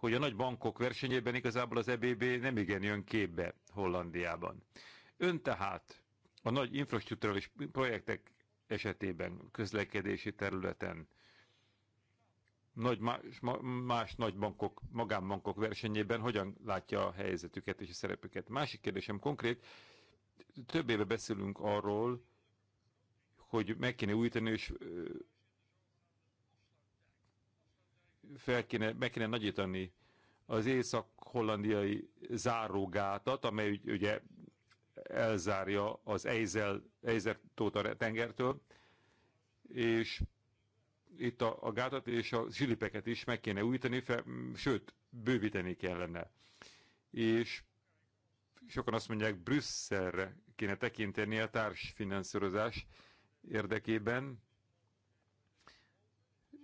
hogy a nagy bankok versenyében igazából az EBB nem igen jön képbe Hollandiában. Ön tehát a nagy infrastruktúrális projektek esetében, közlekedési területen, nagy más, más bankok magánbankok versenyében hogyan látja a helyzetüket és a szerepüket. Másik kérdésem konkrét, több éve beszélünk arról, hogy meg kéne újítani és fel kéne, meg kéne nagyítani az észak-hollandiai zárógátat, amely ugye elzárja az Eizel, Eizel tóta tengertől, és itt a, a gátat és a zsilipeket is meg kéne újítani, fel, sőt, bővíteni kellene. És sokan azt mondják, Brüsszelre kéne tekinteni a társfinanszírozás érdekében.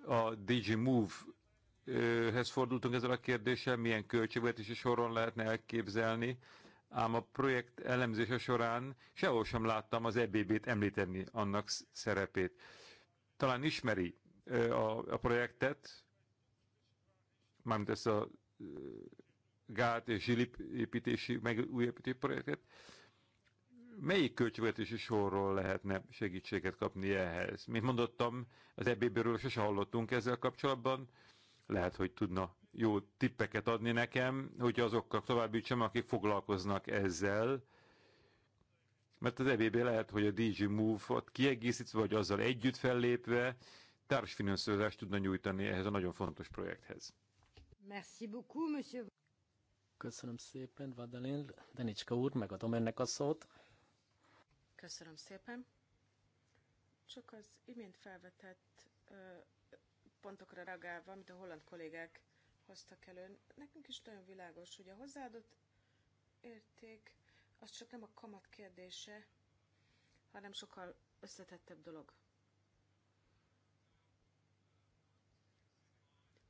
A DG Move hez fordultunk ezzel a kérdéssel, milyen költségvetési soron lehetne elképzelni, ám a projekt elemzése során sehol sem láttam az EBB-t említeni annak szerepét. Talán ismeri a, a projektet, mármint ezt a gát és zsilip építési, meg új építési projektet, melyik költségvetési sorról lehetne segítséget kapni ehhez? Mint mondottam, az EBB-ről sose hallottunk ezzel kapcsolatban, lehet, hogy tudna jó tippeket adni nekem, hogy azokkal továbbítsam, akik foglalkoznak ezzel, mert az EBB lehet, hogy a DG Move-ot kiegészítve, vagy azzal együtt fellépve társfinanszírozást tudna nyújtani ehhez a nagyon fontos projekthez. Merci beaucoup, monsieur. Köszönöm szépen, Vadalin. Denicska úr, megadom ennek a szót. Köszönöm szépen. Csak az imént felvetett pontokra reagálva, amit a holland kollégák hoztak elő, nekünk is nagyon világos, hogy a hozzáadott érték az csak nem a kamat kérdése, hanem sokkal összetettebb dolog.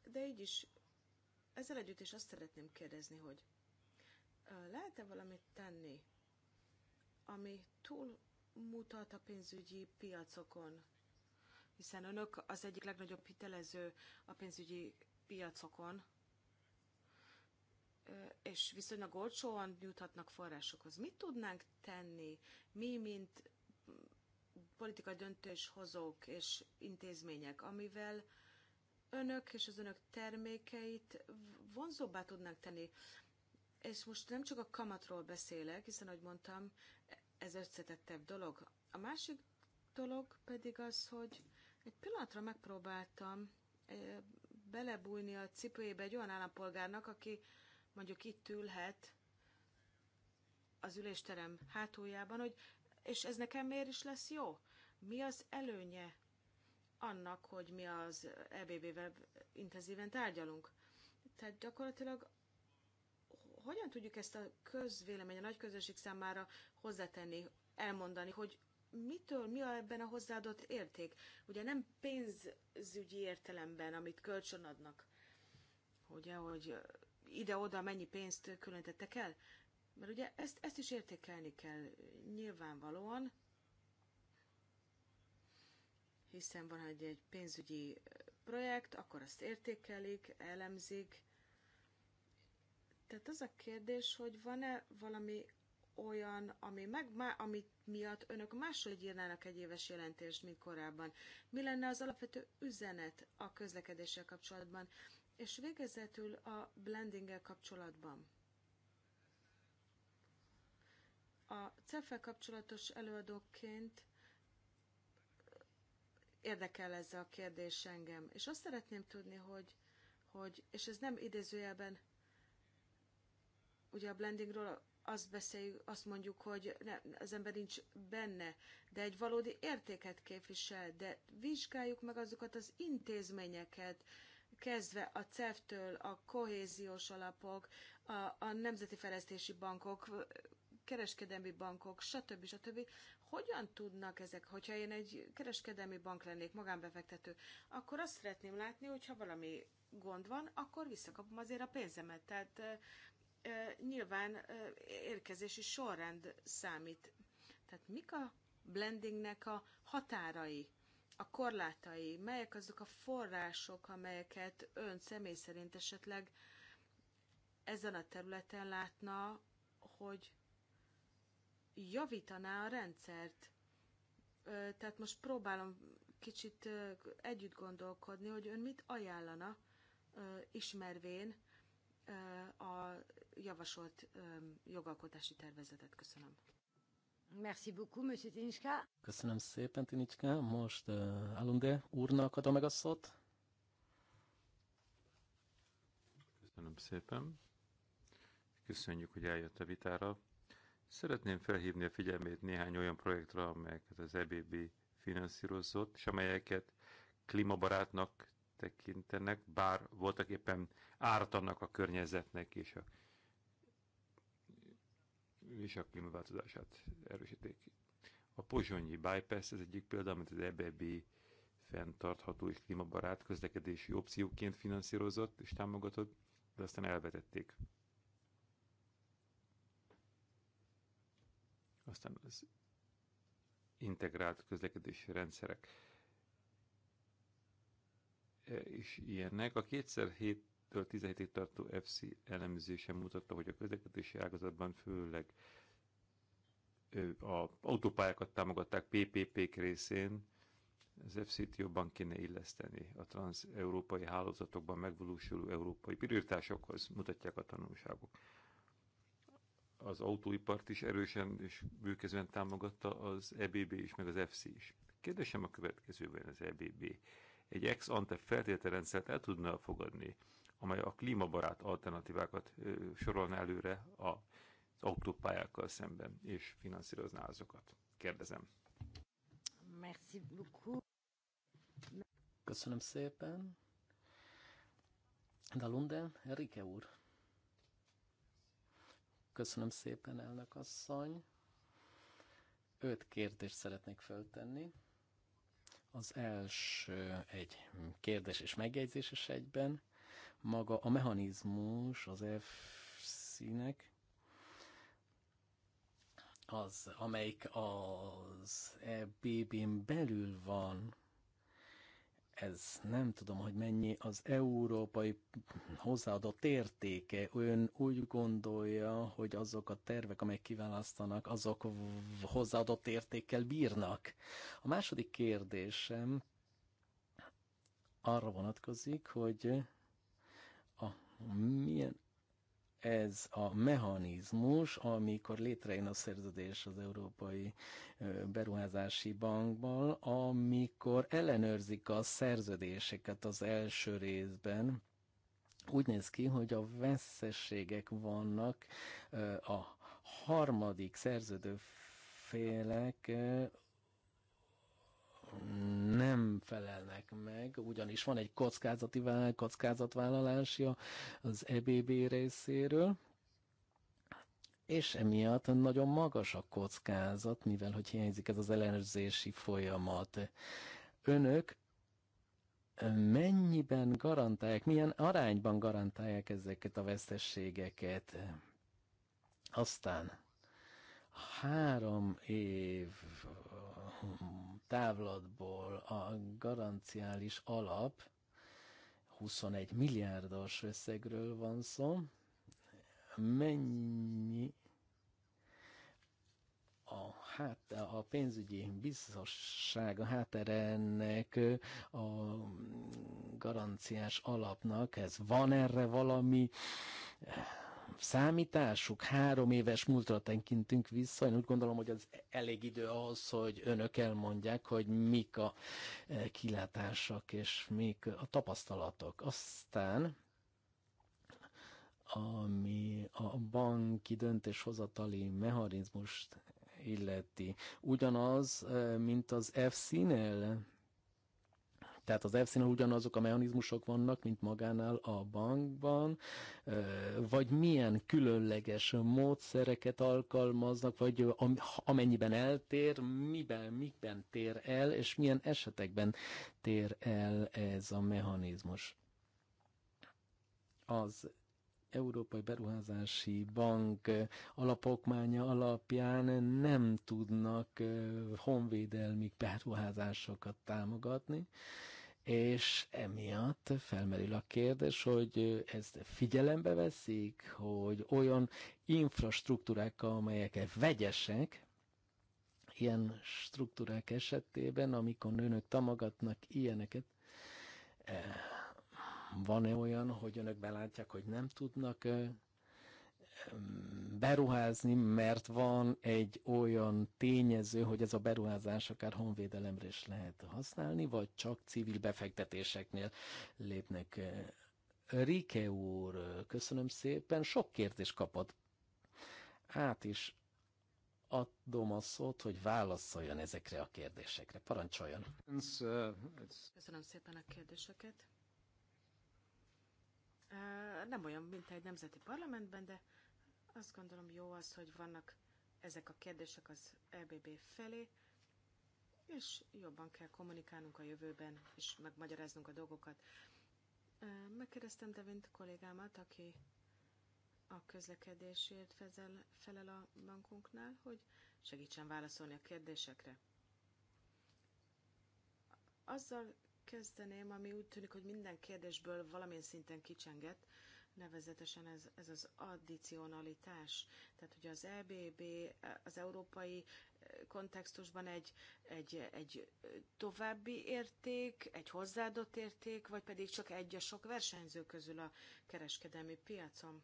De így is, ezzel együtt is azt szeretném kérdezni, hogy lehet-e valamit tenni, ami túl mutat a pénzügyi piacokon, hiszen önök az egyik legnagyobb hitelező a pénzügyi piacokon, és viszonylag olcsóan juthatnak forrásokhoz. Mit tudnánk tenni, mi, mint politikai döntéshozók és intézmények, amivel önök és az önök termékeit vonzóbbá tudnánk tenni? És most nem csak a kamatról beszélek, hiszen, ahogy mondtam, ez összetettebb dolog. A másik dolog pedig az, hogy egy pillanatra megpróbáltam eh, belebújni a cipőjébe egy olyan állampolgárnak, aki mondjuk itt ülhet az ülésterem hátuljában, hogy és ez nekem miért is lesz jó? Mi az előnye annak, hogy mi az EBB-vel intenzíven tárgyalunk? Tehát gyakorlatilag hogyan tudjuk ezt a közvélemény, a nagy közösség számára hozzátenni, elmondani, hogy mitől, mi a ebben a hozzáadott érték? Ugye nem pénzügyi értelemben, amit kölcsön adnak, ugye, hogy ide-oda mennyi pénzt különítettek el, mert ugye ezt, ezt is értékelni kell nyilvánvalóan, hiszen van egy, egy pénzügyi projekt, akkor azt értékelik, elemzik. Tehát az a kérdés, hogy van-e valami olyan, ami meg, má, amit miatt önök máshogy írnának egy éves jelentést, mint korábban? Mi lenne az alapvető üzenet a közlekedéssel kapcsolatban? És végezetül a blendinggel kapcsolatban. A cef kapcsolatos előadóként érdekel ez a kérdés engem. És azt szeretném tudni, hogy, hogy és ez nem idézőjelben, ugye a blendingről azt, beszéljük, azt mondjuk, hogy ne, az ember nincs benne, de egy valódi értéket képvisel, de vizsgáljuk meg azokat az intézményeket, kezdve a CEF-től, a kohéziós alapok, a, a nemzeti fejlesztési bankok, kereskedelmi bankok, stb. stb. Hogyan tudnak ezek, hogyha én egy kereskedelmi bank lennék, magánbefektető, akkor azt szeretném látni, hogyha valami gond van, akkor visszakapom azért a pénzemet. Tehát nyilván érkezési sorrend számít. Tehát mik a blendingnek a határai, a korlátai, melyek azok a források, amelyeket ön személy szerint esetleg ezen a területen látna, hogy javítaná a rendszert. Tehát most próbálom kicsit együtt gondolkodni, hogy ön mit ajánlana, ismervén a javasolt jogalkotási tervezetet. Köszönöm. Merci beaucoup, Monsieur Tinicska. Köszönöm szépen, Tinicska. Most uh, Alunde úrnak adom meg a szót. Köszönöm szépen. Köszönjük, hogy eljött a vitára. Szeretném felhívni a figyelmét néhány olyan projektre, amelyeket az EBB finanszírozott, és amelyeket klímabarátnak tekintenek, bár voltak éppen ártanak a környezetnek és a és a klímaváltozását erősítik. A pozsonyi bypass ez egyik példa, amit az EBB fenntartható és klímabarát közlekedési opcióként finanszírozott és támogatott, de aztán elvetették. Aztán az integrált közlekedési rendszerek e, és ilyenek. A 2007 től 17-ig tartó FC elemzése mutatta, hogy a közlekedési ágazatban főleg a autópályákat támogatták PPP-k részén, az FC-t jobban kéne illeszteni a transeurópai hálózatokban megvalósuló európai prioritásokhoz, mutatják a tanulságok. Az autóipart is erősen és bőkezően támogatta az EBB is, meg az FC is. Kérdésem a következőben az EBB. Egy ex-ante feltételrendszert el tudna fogadni, amely a klímabarát alternatívákat sorolna előre az autópályákkal szemben, és finanszírozná azokat. Kérdezem. Merci Köszönöm szépen. Dalunde, Enrique úr. Köszönöm szépen, elnök asszony. Öt kérdést szeretnék föltenni. Az első egy kérdés és megjegyzés is egyben maga a mechanizmus az F-színek, az, amelyik az EBB-n belül van, ez nem tudom, hogy mennyi az európai hozzáadott értéke. Ön úgy gondolja, hogy azok a tervek, amelyek kiválasztanak, azok hozzáadott értékkel bírnak. A második kérdésem arra vonatkozik, hogy milyen ez a mechanizmus, amikor létrejön a szerződés az Európai Beruházási Bankban, amikor ellenőrzik a szerződéseket az első részben. Úgy néz ki, hogy a veszességek vannak a harmadik szerződő félek nem felelnek meg, ugyanis van egy kockázati vállal, kockázatvállalásja az EBB részéről, és emiatt nagyon magas a kockázat, mivel hogy hiányzik ez az ellenőrzési folyamat. Önök mennyiben garantálják, milyen arányban garantálják ezeket a vesztességeket? Aztán három év távlatból a garanciális alap 21 milliárdos összegről van szó, mennyi a, hát, a pénzügyi biztossága hátere ennek a garanciás alapnak, ez van erre valami számításuk. Három éves múltra tekintünk vissza. Én úgy gondolom, hogy az elég idő ahhoz, hogy önök elmondják, hogy mik a e, kilátások és mik a tapasztalatok. Aztán ami a banki döntéshozatali mechanizmust illeti. Ugyanaz, e, mint az F-színél tehát az efsz ugyanazok a mechanizmusok vannak, mint magánál a bankban, vagy milyen különleges módszereket alkalmaznak, vagy amennyiben eltér, miben, mikben tér el, és milyen esetekben tér el ez a mechanizmus. Az Európai Beruházási Bank alapokmánya alapján nem tudnak honvédelmi beruházásokat támogatni és emiatt felmerül a kérdés, hogy ezt figyelembe veszik, hogy olyan infrastruktúrák, amelyek vegyesek, ilyen struktúrák esetében, amikor nőnök tamagatnak ilyeneket, eh, van-e olyan, hogy önök belátják, hogy nem tudnak eh, beruházni, mert van egy olyan tényező, hogy ez a beruházás akár honvédelemre is lehet használni, vagy csak civil befektetéseknél lépnek. Eh, Rike úr, köszönöm szépen, sok kérdést kapott. Át is adom a szót, hogy válaszoljon ezekre a kérdésekre. Parancsoljon. Köszönöm szépen a kérdéseket. Eh, nem olyan, mint egy nemzeti parlamentben, de azt gondolom jó az, hogy vannak ezek a kérdések az EBB felé, és jobban kell kommunikálnunk a jövőben, és megmagyaráznunk a dolgokat. Megkérdeztem Devint kollégámat, aki a közlekedésért fezel, felel a bankunknál, hogy segítsen válaszolni a kérdésekre. Azzal kezdeném, ami úgy tűnik, hogy minden kérdésből valamilyen szinten kicsenget, nevezetesen ez, ez az addicionalitás. Tehát, hogy az EBB az európai eh, kontextusban egy, egy, egy eh, további érték, egy hozzáadott érték, vagy pedig csak egy a sok versenyző közül a kereskedelmi piacon.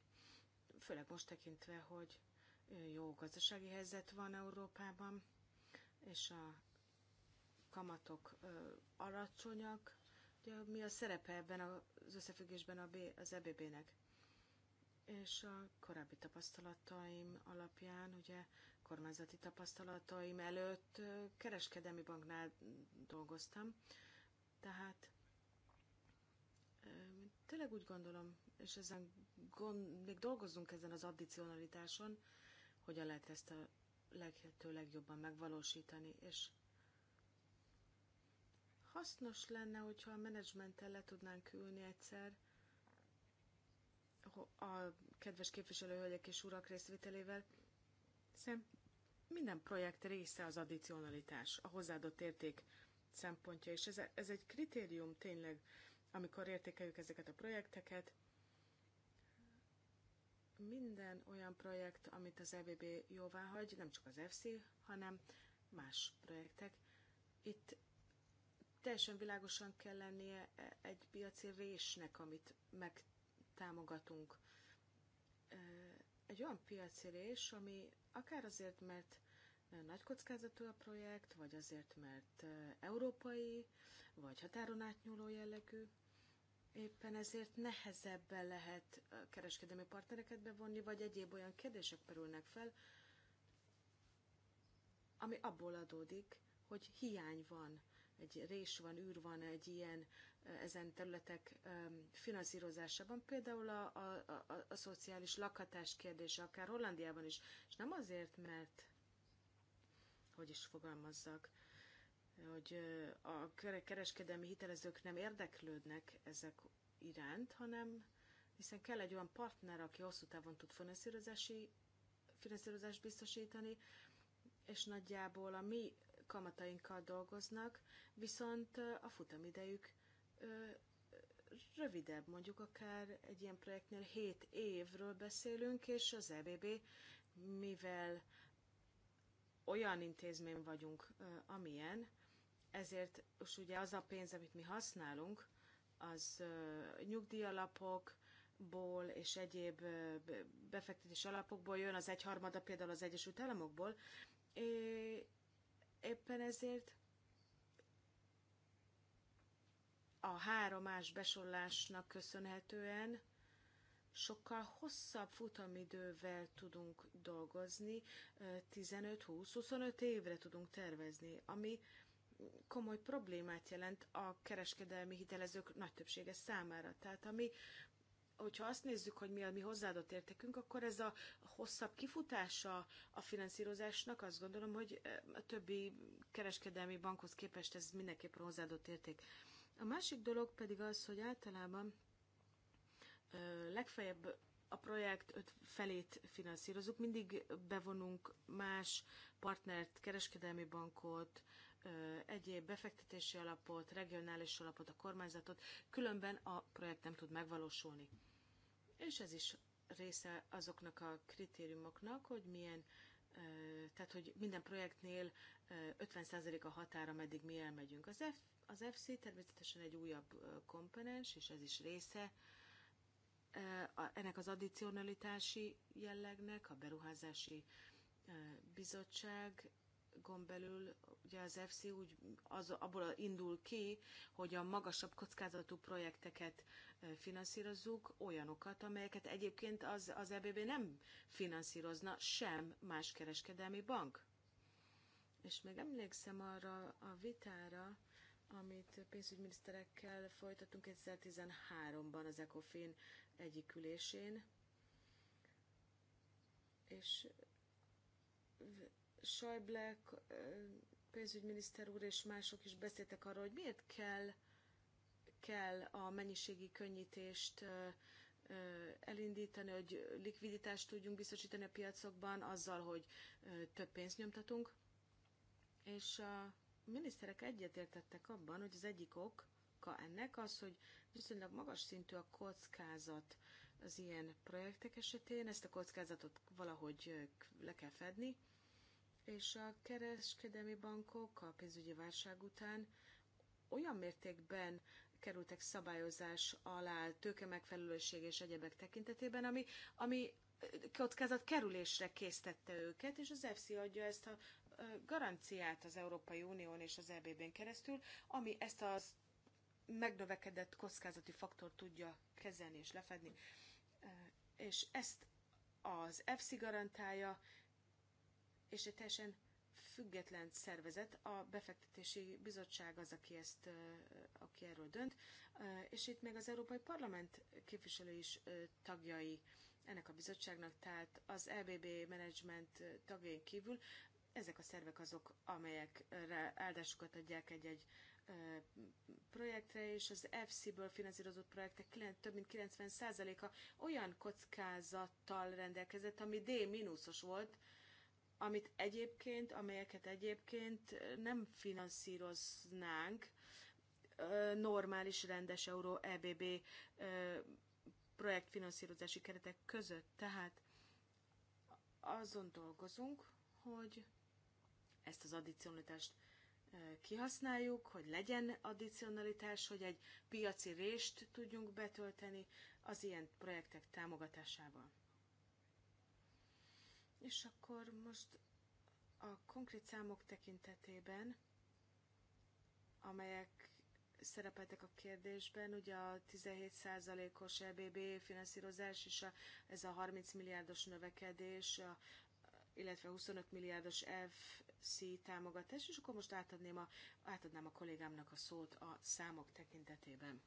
Főleg most tekintve, hogy eh, jó gazdasági helyzet van Európában, és a kamatok alacsonyak, Ugye, mi a szerepe ebben az összefüggésben az EBB-nek? és a korábbi tapasztalataim alapján, ugye kormányzati tapasztalataim előtt kereskedelmi banknál dolgoztam, tehát tényleg úgy gondolom, és ezen gond, még dolgozzunk ezen az addicionalitáson, hogyan lehet ezt a lehető legjobban megvalósítani, és hasznos lenne, hogyha a menedzsmenttel le tudnánk ülni egyszer, a kedves képviselőhölgyek és urak részvételével, hiszen minden projekt része az addicionalitás, a hozzáadott érték szempontja, és ez, ez egy kritérium tényleg, amikor értékeljük ezeket a projekteket. Minden olyan projekt, amit az EBB jóvá hagy, nem csak az FC, hanem más projektek, itt teljesen világosan kell lennie e- egy piaci résnek, amit meg támogatunk. Egy olyan piacérés, ami akár azért, mert nagy kockázatú a projekt, vagy azért, mert európai, vagy határon átnyúló jellegű, Éppen ezért nehezebben lehet kereskedelmi partnereket bevonni, vagy egyéb olyan kérdések perülnek fel, ami abból adódik, hogy hiány van egy rés van, űr van egy ilyen ezen területek finanszírozásában, például a, a, a, a szociális lakhatás kérdése, akár Hollandiában is, és nem azért, mert hogy is fogalmazzak, hogy a kereskedelmi hitelezők nem érdeklődnek ezek iránt, hanem hiszen kell egy olyan partner, aki hosszú távon tud finanszírozási, finanszírozást biztosítani, és nagyjából a mi kamatainkkal dolgoznak, viszont a futamidejük rövidebb, mondjuk akár egy ilyen projektnél 7 évről beszélünk, és az EBB, mivel olyan intézmény vagyunk, amilyen, ezért most ugye az a pénz, amit mi használunk, az nyugdíjalapokból és egyéb befektetés alapokból jön, az egyharmada például az Egyesült Államokból, Éppen ezért a három más besorolásnak köszönhetően sokkal hosszabb futamidővel tudunk dolgozni, 15-20-25 évre tudunk tervezni, ami komoly problémát jelent a kereskedelmi hitelezők nagy többsége számára. Tehát a mi hogyha azt nézzük, hogy mi a mi hozzáadott értékünk, akkor ez a hosszabb kifutása a finanszírozásnak, azt gondolom, hogy eh, a többi kereskedelmi bankhoz képest ez mindenképpen hozzáadott érték. A másik dolog pedig az, hogy általában eh, legfeljebb a projekt öt felét finanszírozunk, mindig bevonunk más partnert, kereskedelmi bankot, eh, egyéb befektetési alapot, regionális alapot, a kormányzatot, különben a projekt nem tud megvalósulni és ez is része azoknak a kritériumoknak, hogy milyen, tehát hogy minden projektnél 50% a határa, meddig mi elmegyünk. Az, F, az FC természetesen egy újabb komponens, és ez is része ennek az addicionalitási jellegnek, a beruházási bizottság belül ugye az FC úgy az, abból indul ki, hogy a magasabb kockázatú projekteket finanszírozzuk, olyanokat, amelyeket egyébként az, az EBB nem finanszírozna sem más kereskedelmi bank. És még emlékszem arra a vitára, amit pénzügyminiszterekkel folytattunk 2013-ban az ECOFIN egyik ülésén, és Schäuble pénzügyminiszter úr és mások is beszéltek arról, hogy miért kell, kell a mennyiségi könnyítést elindítani, hogy likviditást tudjunk biztosítani a piacokban azzal, hogy több pénzt nyomtatunk. És a miniszterek egyetértettek abban, hogy az egyik oka ennek az, hogy viszonylag magas szintű a kockázat az ilyen projektek esetén, ezt a kockázatot valahogy le kell fedni, és a kereskedelmi bankok a pénzügyi válság után olyan mértékben kerültek szabályozás alá, tőke megfelelőség és egyebek tekintetében, ami, ami kockázat kerülésre késztette őket, és az FC adja ezt a garanciát az Európai Unión és az EBB-n keresztül, ami ezt az megnövekedett kockázati faktor tudja kezelni és lefedni. És ezt az FC garantálja, és egy teljesen független szervezet, a befektetési bizottság az, aki, ezt, aki erről dönt, és itt még az Európai Parlament képviselő is tagjai ennek a bizottságnak, tehát az EBB management tagjain kívül ezek a szervek azok, amelyek áldásukat adják egy-egy projektre, és az FC-ből finanszírozott projektek több mint 90%-a olyan kockázattal rendelkezett, ami D-os volt, amit egyébként, amelyeket egyébként nem finanszíroznánk normális, rendes euró EBB projektfinanszírozási keretek között. Tehát azon dolgozunk, hogy ezt az addicionalitást kihasználjuk, hogy legyen addicionalitás, hogy egy piaci rést tudjunk betölteni az ilyen projektek támogatásával. És akkor most a konkrét számok tekintetében, amelyek szerepeltek a kérdésben, ugye a 17%-os EBB finanszírozás és a, ez a 30 milliárdos növekedés, a, illetve 25 milliárdos FC támogatás, és akkor most átadném a, átadnám a kollégámnak a szót a számok tekintetében.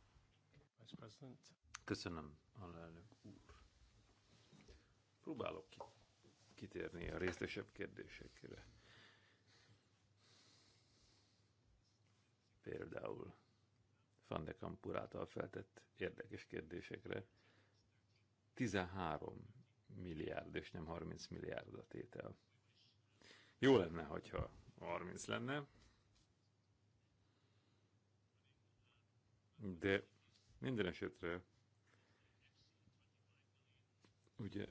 Köszönöm, alelnök úr. Próbálok kitérni a részletesebb kérdésekre. Például Van de Kampur által feltett érdekes kérdésekre 13 milliárd és nem 30 milliárd a tétel. Jó lenne, hogyha 30 lenne, de minden esetre ugye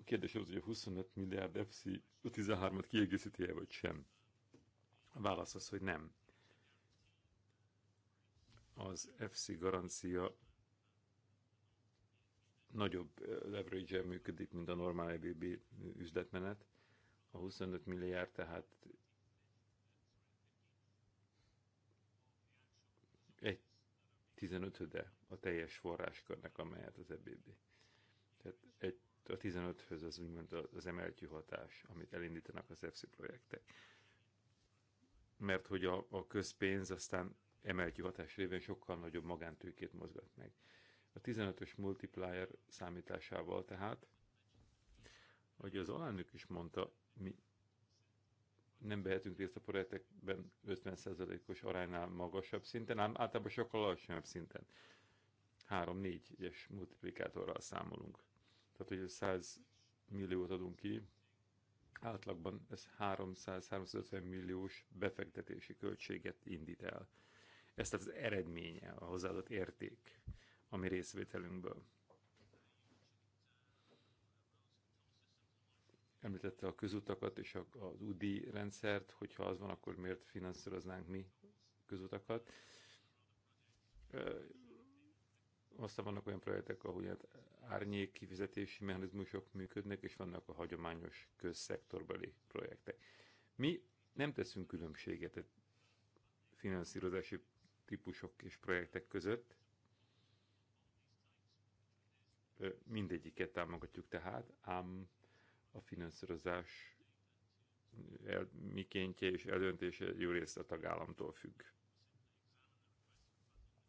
a kérdés az, hogy a 25 milliárd FC a 13-at kiegészíti -e, vagy sem. A válasz az, hogy nem. Az FC garancia nagyobb eh, leverage működik, mint a normál EBB üzletmenet. A 25 milliárd tehát egy 15 de a teljes forráskörnek, amelyet az EBB. Tehát egy a 15-höz az úgymond az emeltyű hatás, amit elindítanak az EFSI projektek. Mert hogy a, a közpénz aztán emeltyű hatás révén sokkal nagyobb magántőkét mozgat meg. A 15-ös multiplier számításával tehát, hogy az alelnök is mondta, mi nem behetünk részt a projektekben 50%-os aránynál magasabb szinten, ám általában sokkal alacsonyabb szinten. 3-4-es multiplikátorral számolunk tehát hogy 100 milliót adunk ki, átlagban ez 300-350 milliós befektetési költséget indít el. Ez tehát az eredménye, a hozzáadott érték, mi részvételünkből. Említette a közutakat és az UDI rendszert, hogyha az van, akkor miért finanszíroznánk mi közutakat. Aztán vannak olyan projektek, ahol hát árnyék kifizetési mechanizmusok működnek, és vannak a hagyományos közszektorbeli projektek. Mi nem teszünk különbséget a finanszírozási típusok és projektek között. Mindegyiket támogatjuk tehát, ám a finanszírozás el, mikéntje és eldöntése jó részt a tagállamtól függ.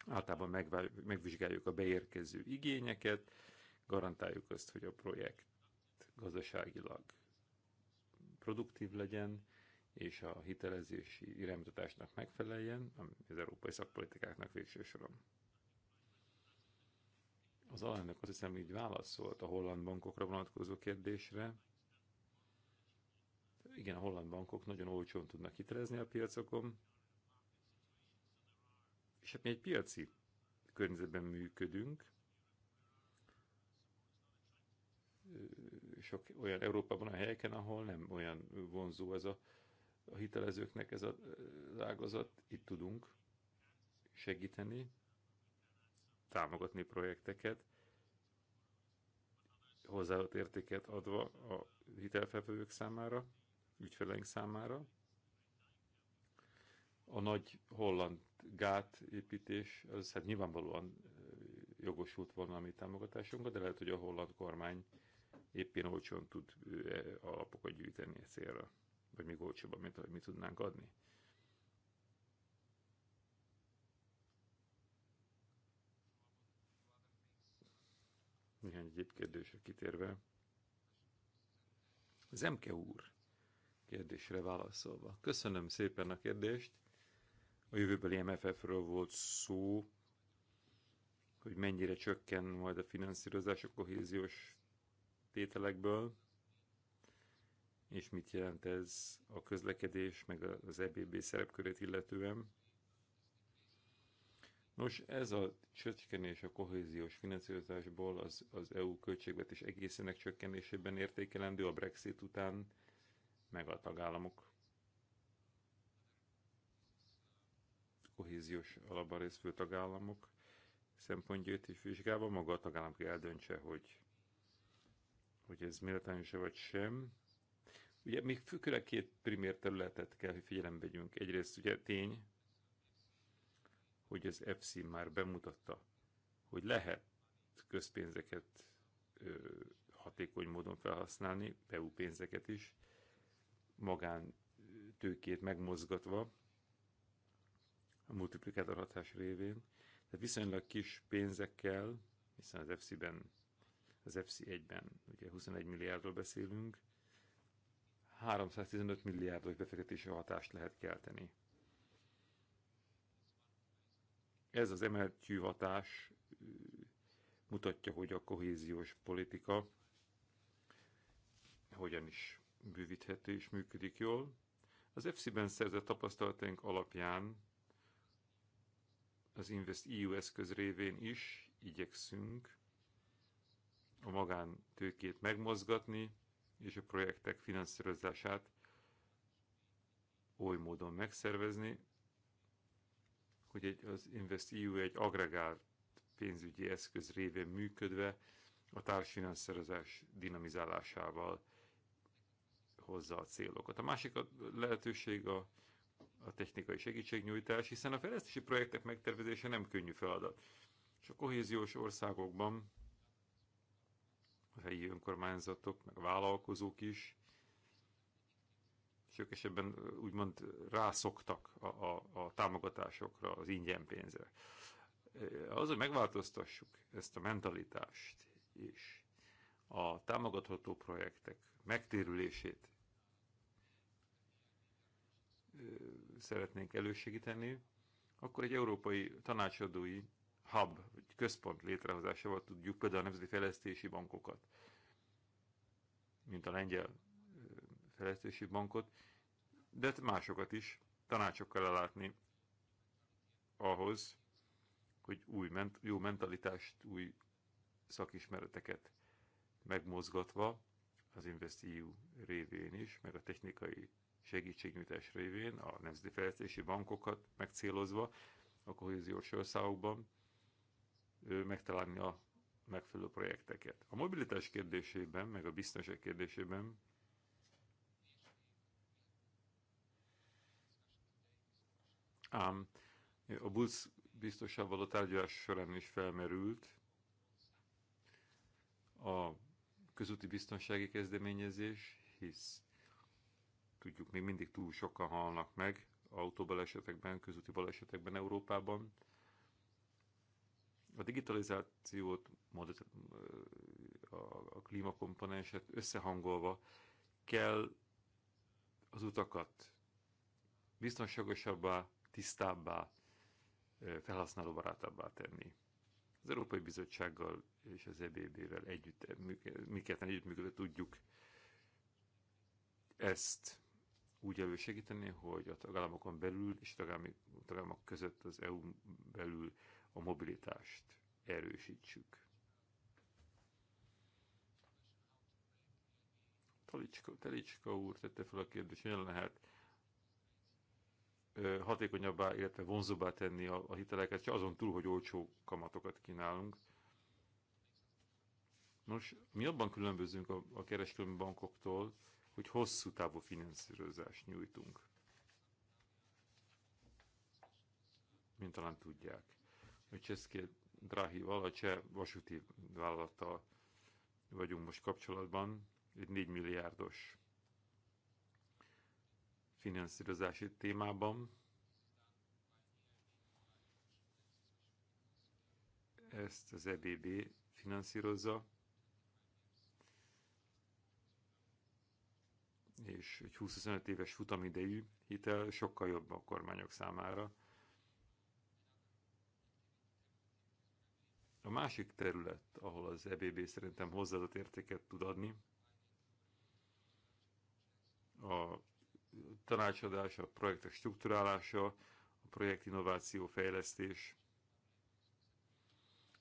Általában megvizsgáljuk a beérkező igényeket, garantáljuk azt, hogy a projekt gazdaságilag produktív legyen, és a hitelezési iránymutatásnak megfeleljen, az európai szakpolitikáknak végső soron. Az alelnök azt hiszem így válaszolt a holland bankokra vonatkozó kérdésre. Igen, a holland bankok nagyon olcsón tudnak hitelezni a piacokon, és hát mi egy piaci környezetben működünk, sok olyan Európában a helyeken, ahol nem olyan vonzó ez a, a hitelezőknek ez a, az ágazat. Itt tudunk segíteni, támogatni projekteket, hozzáadott értéket adva a hitelfelvevők számára, ügyfeleink számára. A nagy holland gát építés, az hát nyilvánvalóan jogosult volna a mi támogatásunkra, de lehet, hogy a holland kormány éppen olcsón tud e, alapokat gyűjteni a célra, vagy még olcsóbb, mint ahogy mi tudnánk adni. Néhány egyéb kérdésre kitérve. Zemke úr kérdésre válaszolva. Köszönöm szépen a kérdést. A jövőbeli MFF-ről volt szó, hogy mennyire csökken majd a finanszírozás a kohéziós tételekből, és mit jelent ez a közlekedés, meg az EBB szerepkörét illetően. Nos, ez a csökkenés a kohéziós finanszírozásból az, az EU költségvetés egészének csökkenésében értékelendő a Brexit után, meg a tagállamok kohéziós alapban résztvevő tagállamok szempontjait is vizsgálva, maga a tagállam kell eldöntse, hogy hogy ez méltányos-e vagy sem. Ugye még főleg két primér területet kell, hogy figyelembe vegyünk. Egyrészt ugye tény, hogy az FC már bemutatta, hogy lehet közpénzeket ö, hatékony módon felhasználni, EU pénzeket is, magán tőkét megmozgatva, a multiplikátor hatás révén. Tehát viszonylag kis pénzekkel, hiszen az FC-ben az EPSI 1 ben ugye 21 milliárdról beszélünk, 315 milliárdos befektetési hatást lehet kelteni. Ez az emeltű hatás mutatja, hogy a kohéziós politika hogyan is bővíthető és működik jól. Az EFSI-ben szerzett tapasztalataink alapján az Invest EU eszköz révén is igyekszünk a magántőkét megmozgatni, és a projektek finanszírozását oly módon megszervezni, hogy egy, az InvestEU egy agregált pénzügyi eszköz révén működve a társfinanszírozás dinamizálásával hozza a célokat. A másik a lehetőség a, a technikai segítségnyújtás, hiszen a fejlesztési projektek megtervezése nem könnyű feladat. És a kohéziós országokban a helyi önkormányzatok, meg a vállalkozók is, ők esetben úgymond rászoktak a, a, a támogatásokra, az ingyen pénzre. Az, hogy megváltoztassuk ezt a mentalitást és a támogatható projektek megtérülését szeretnénk elősegíteni, akkor egy európai tanácsadói hub, vagy központ létrehozásával tudjuk például a nemzeti fejlesztési bankokat, mint a lengyel fejlesztési bankot, de hát másokat is tanácsokkal ellátni ahhoz, hogy új ment, jó mentalitást, új szakismereteket megmozgatva az InvestEU révén is, meg a technikai segítségnyújtás révén, a nemzeti fejlesztési bankokat megcélozva a kohéziós országokban megtalálni a megfelelő projekteket. A mobilitás kérdésében, meg a biztonság kérdésében ám a busz biztosával a tárgyalás során is felmerült a közúti biztonsági kezdeményezés, hisz tudjuk, még mindig túl sokan halnak meg autóbalesetekben, közúti balesetekben Európában a digitalizációt, a klímakomponenset összehangolva kell az utakat biztonságosabbá, tisztábbá, felhasználóbarátabbá tenni. Az Európai Bizottsággal és az EBB-vel együtt, ketten együttműködve tudjuk ezt úgy elősegíteni, hogy a tagállamokon belül és a tagállamok között az EU belül a mobilitást erősítsük. Talicska, Talicska úr tette fel a kérdést, hogyan lehet hatékonyabbá, illetve vonzóbbá tenni a, a hiteleket, csak azon túl, hogy olcsó kamatokat kínálunk. Nos, mi abban különbözünk a, a kereskedelmi bankoktól, hogy hosszú távú finanszírozást nyújtunk. Mint talán tudják hogy Cseszké Dráhival, a cseh vasúti vállalattal vagyunk most kapcsolatban, egy 4 milliárdos finanszírozási témában. Ezt az EBB finanszírozza, és egy 20-25 éves futamidejű hitel sokkal jobb a kormányok számára, A másik terület, ahol az EBB szerintem hozzáadott értéket tud adni, a tanácsadás, a projektek struktúrálása, a projekt innováció, fejlesztés.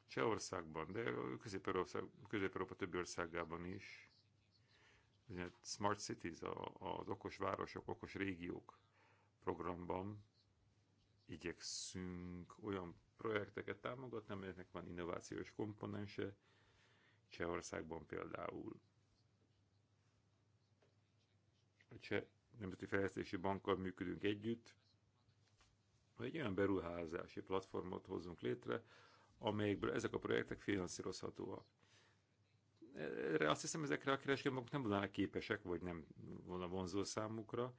Csehországban, de Közép-Európa többi országában is. Smart Cities, az okos városok, okos régiók programban igyekszünk olyan projekteket támogatni, amelyeknek van innovációs komponense, Csehországban például. A Cseh Nemzeti Fejlesztési Bankkal működünk együtt, hogy egy olyan beruházási platformot hozzunk létre, amelyekből ezek a projektek finanszírozhatóak. Erre azt hiszem, ezekre a kereskedők nem volnának képesek, vagy nem volna vonzó számukra,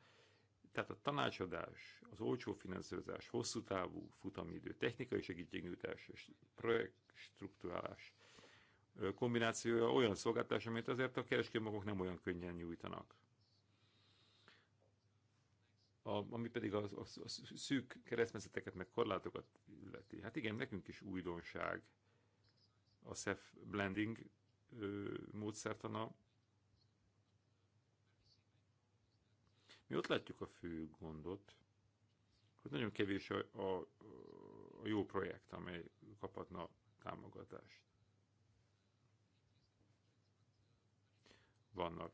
tehát a tanácsadás, az olcsó finanszírozás, hosszú távú futamidő, technikai segítségnyújtás és projektstruktúrálás kombinációja olyan szolgáltatás, amit azért a kereskedőmagok nem olyan könnyen nyújtanak. A, ami pedig a, a, a szűk keresztmetszeteket meg korlátokat illeti. Hát igen, nekünk is újdonság a SEF blending ö, módszertana, Mi ott látjuk a fő gondot, hogy nagyon kevés a, a, a jó projekt, amely kaphatna támogatást. Vannak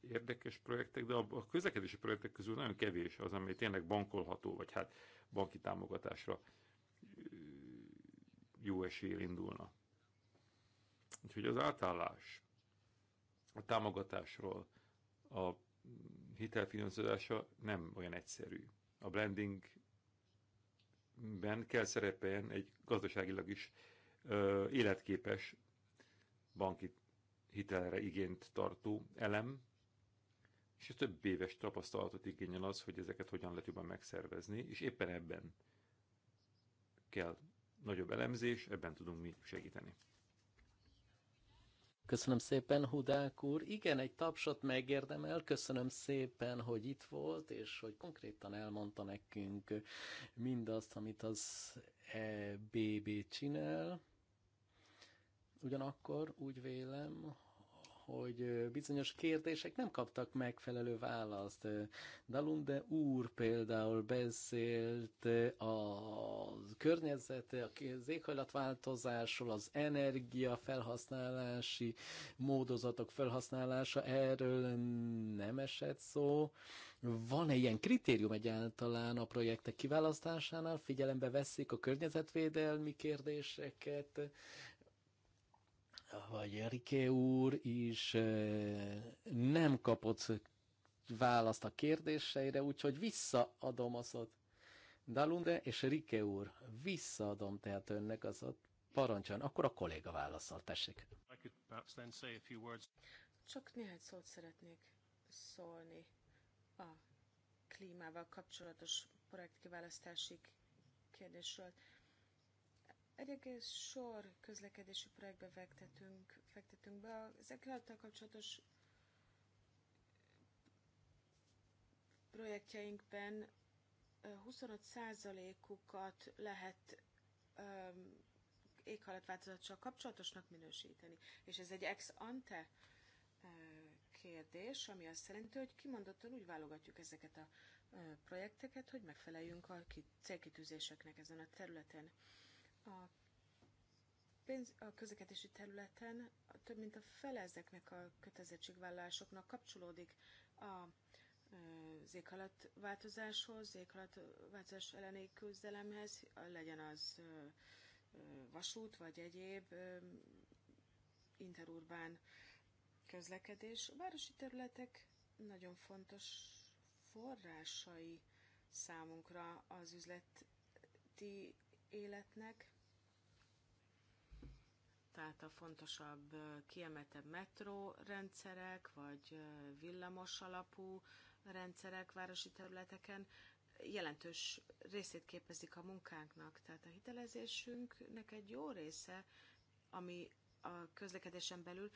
érdekes projektek, de a közlekedési projektek közül nagyon kevés az, amely tényleg bankolható, vagy hát banki támogatásra jó esélyel indulna. Úgyhogy az átállás a támogatásról a hitelfinanszírozása nem olyan egyszerű. A blendingben kell szerepeljen egy gazdaságilag is ö, életképes banki hitelre igényt tartó elem, és a több éves tapasztalatot igényel az, hogy ezeket hogyan lehet jobban megszervezni, és éppen ebben kell nagyobb elemzés, ebben tudunk mi segíteni. Köszönöm szépen, Hudák úr. Igen, egy tapsot megérdemel. Köszönöm szépen, hogy itt volt, és hogy konkrétan elmondta nekünk mindazt, amit az EBB csinál. Ugyanakkor úgy vélem, hogy bizonyos kérdések nem kaptak megfelelő választ. Dalunde úr például beszélt a környezet, az éghajlatváltozásról, az energia felhasználási módozatok felhasználása, erről nem esett szó. Van-e ilyen kritérium egyáltalán a projektek kiválasztásánál? Figyelembe veszik a környezetvédelmi kérdéseket, vagy Rike úr is nem kapott választ a kérdéseire, úgyhogy visszaadom a szót. Dalunde és Rike úr, visszaadom tehát önnek az ott parancsoljon, akkor a kolléga válaszol, tessék. Csak néhány szót szeretnék szólni a klímával kapcsolatos kiválasztási kérdésről. Egy egész sor közlekedési projektbe fektetünk, fektetünk be. Ezekkel a kapcsolatos projektjeinkben 25%-ukat lehet um, éghajlatváltozással kapcsolatosnak minősíteni. És ez egy ex ante kérdés, ami azt jelenti, hogy kimondottan úgy válogatjuk ezeket a projekteket, hogy megfeleljünk a célkitűzéseknek ezen a területen. A, pénz, a közlekedési területen több mint a fele ezeknek a kötelezettségvállalásoknak kapcsolódik a az éghajlatváltozáshoz, éghajlatváltozás elleni küzdelemhez, legyen az vasút vagy egyéb interurbán közlekedés. A városi területek nagyon fontos forrásai számunkra az üzleti életnek, tehát a fontosabb kiemeltebb metró rendszerek, vagy villamos alapú rendszerek városi területeken jelentős részét képezik a munkánknak. Tehát a hitelezésünknek egy jó része, ami a közlekedésen belül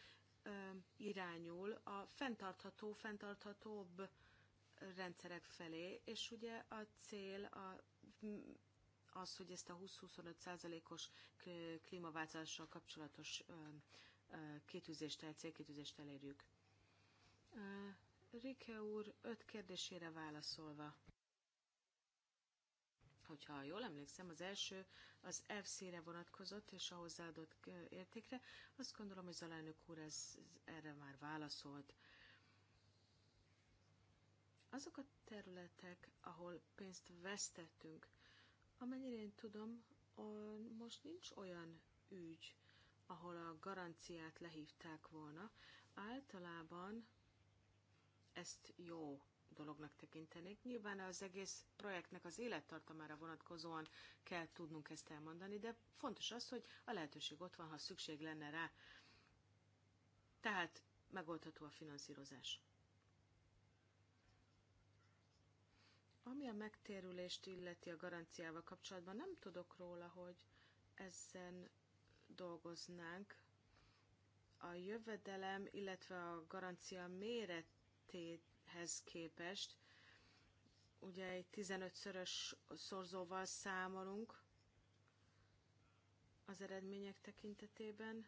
irányul a fenntartható, fenntarthatóbb rendszerek felé, és ugye a cél a az, hogy ezt a 20-25%-os klímaváltozással kapcsolatos kitűzést, el, célkitűzést elérjük. Rike úr öt kérdésére válaszolva. Hogyha jól emlékszem, az első az FC-re vonatkozott és a hozzáadott értékre. Azt gondolom, hogy Zalánök úr ez, erre már válaszolt. Azok a területek, ahol pénzt vesztettünk, Amennyire én tudom, most nincs olyan ügy, ahol a garanciát lehívták volna. Általában ezt jó dolognak tekintenék. Nyilván az egész projektnek az élettartamára vonatkozóan kell tudnunk ezt elmondani, de fontos az, hogy a lehetőség ott van, ha szükség lenne rá. Tehát megoldható a finanszírozás. Ami a megtérülést illeti a garanciával kapcsolatban, nem tudok róla, hogy ezen dolgoznánk. A jövedelem, illetve a garancia méretéhez képest, ugye egy 15-szörös szorzóval számolunk az eredmények tekintetében,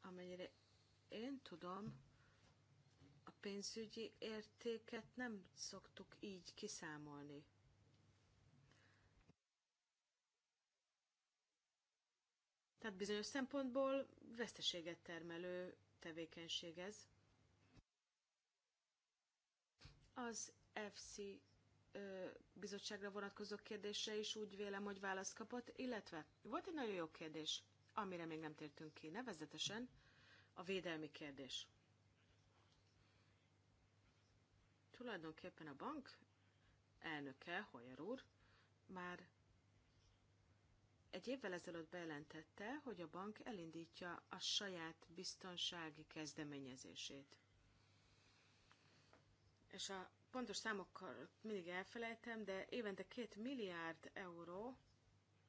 amennyire én tudom, pénzügyi értéket nem szoktuk így kiszámolni. Tehát bizonyos szempontból veszteséget termelő tevékenység ez. Az FC bizottságra vonatkozó kérdése is úgy vélem, hogy választ kapott, illetve volt egy nagyon jó kérdés, amire még nem tértünk ki, nevezetesen a védelmi kérdés. tulajdonképpen a bank elnöke, Hoyer úr, már egy évvel ezelőtt bejelentette, hogy a bank elindítja a saját biztonsági kezdeményezését. És a pontos számokkal mindig elfelejtem, de évente két milliárd euró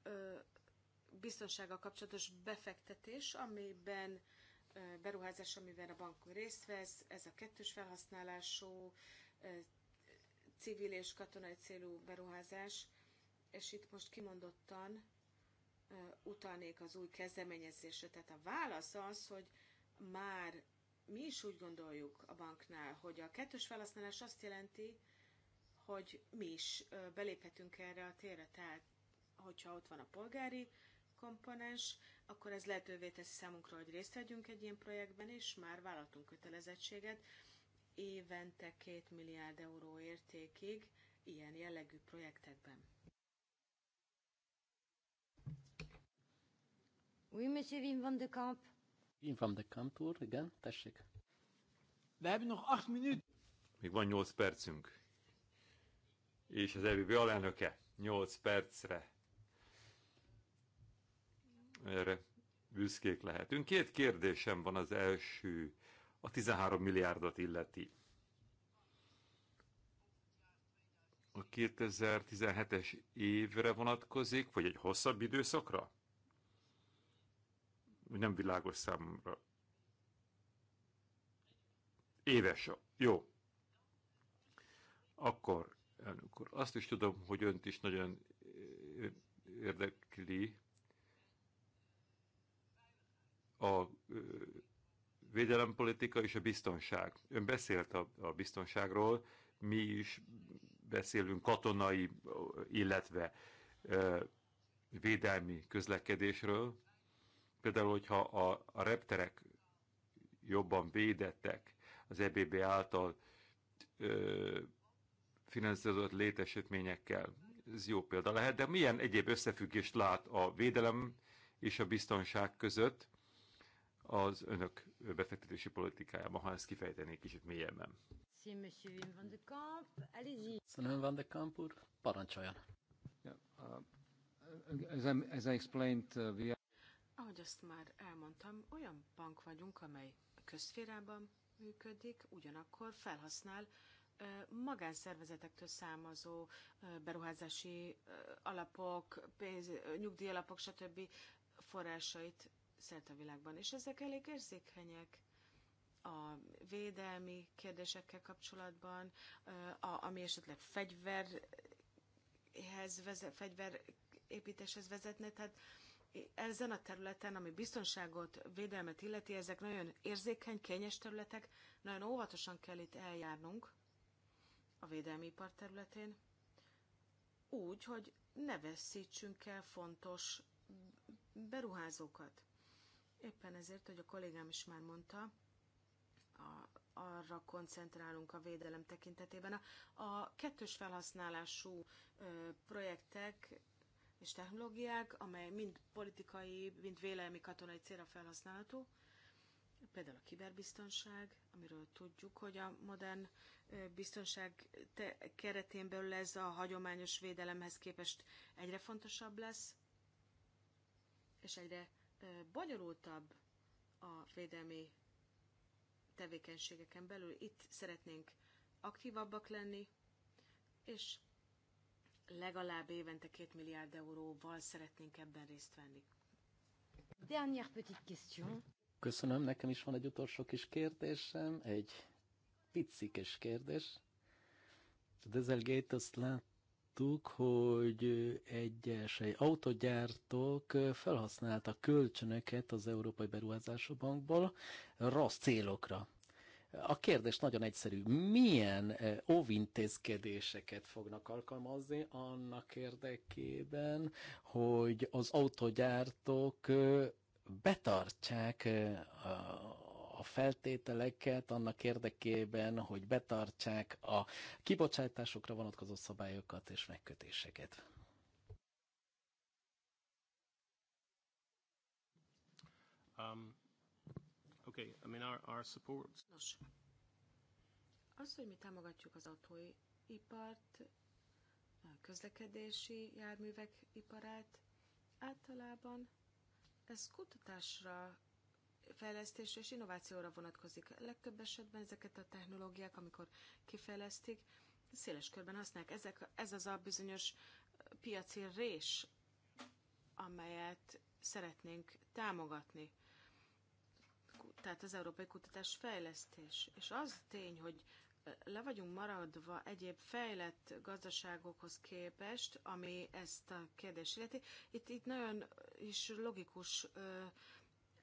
ö, biztonsággal kapcsolatos befektetés, amiben ö, beruházás, amiben a bank részt vesz, ez a kettős felhasználású civil és katonai célú beruházás, és itt most kimondottan utalnék az új kezdeményezésre. Tehát a válasz az, hogy már mi is úgy gondoljuk a banknál, hogy a kettős felhasználás azt jelenti, hogy mi is beléphetünk erre a térre. Tehát, hogyha ott van a polgári komponens, akkor ez lehetővé teszi számunkra, hogy részt vegyünk egy ilyen projektben, és már vállaltunk kötelezettséget, évente 2 milliárd euró értékig ilyen jellegű projektekben. Oui, monsieur Wim van de Kamp. Wim van de Kamp úr, igen, tessék. We hebben nog 8 minuten. Még van 8 percünk. És az EBB alelnöke 8 percre. Erre büszkék lehetünk. Két kérdésem van az első a 13 milliárdot illeti. A 2017-es évre vonatkozik, vagy egy hosszabb időszakra? Nem világos számomra. Éves. Jó. Akkor, elnök úr, azt is tudom, hogy önt is nagyon érdekli a védelempolitika és a biztonság. Ön beszélt a, a biztonságról, mi is beszélünk katonai, illetve ö, védelmi közlekedésről. Például, hogyha a, a repterek jobban védettek az EBB által ö, finanszírozott létesítményekkel, ez jó példa lehet, de milyen egyéb összefüggést lát a védelem és a biztonság között? az önök befektetési politikájában, ha ezt kifejtenék kicsit mélyebben. Köszönöm, Van de Kamp úr, parancsoljon. Uh, as I explained, uh, we Ahogy azt már elmondtam, olyan bank vagyunk, amely közférában működik, ugyanakkor felhasznál magánszervezetektől származó beruházási alapok, pénz, nyugdíjalapok, stb. forrásait szerte a világban, és ezek elég érzékenyek a védelmi kérdésekkel kapcsolatban, a, ami esetleg fegyverhez vezet, fegyverépítéshez vezetne, tehát ezen a területen, ami biztonságot, védelmet illeti, ezek nagyon érzékeny, kényes területek, nagyon óvatosan kell itt eljárnunk a védelmi ipar területén, úgy, hogy ne veszítsünk el fontos beruházókat. Éppen ezért, hogy a kollégám is már mondta, a, arra koncentrálunk a védelem tekintetében. A, a kettős felhasználású ö, projektek és technológiák, amely mind politikai, mind vélelmi katonai célra felhasználható, például a kiberbiztonság, amiről tudjuk, hogy a modern biztonság keretén belül ez a hagyományos védelemhez képest egyre fontosabb lesz, és egyre bonyolultabb a védelmi tevékenységeken belül. Itt szeretnénk aktívabbak lenni, és legalább évente két milliárd euróval szeretnénk ebben részt venni. Dernière petite question. Köszönöm, nekem is van egy utolsó kis kérdésem, egy picikes kérdés. azt lát láttuk, hogy egyes autogyártók felhasználtak kölcsönöket az Európai Beruházási Bankból rossz célokra. A kérdés nagyon egyszerű. Milyen eh, óvintézkedéseket fognak alkalmazni annak érdekében, hogy az autogyártók eh, betartsák eh, a feltételeket annak érdekében, hogy betartsák a kibocsátásokra vonatkozó szabályokat és megkötéseket. Um, okay, I mean our, our support... Nos, az, hogy mi támogatjuk az a közlekedési járművek iparát, általában ez kutatásra fejlesztésre és innovációra vonatkozik. legtöbb esetben ezeket a technológiák, amikor kifejlesztik, széles körben használják. Ezek, ez az a bizonyos piaci rés, amelyet szeretnénk támogatni. Tehát az európai kutatás fejlesztés. És az tény, hogy le vagyunk maradva egyéb fejlett gazdaságokhoz képest, ami ezt a kérdést illeti, itt, itt nagyon is logikus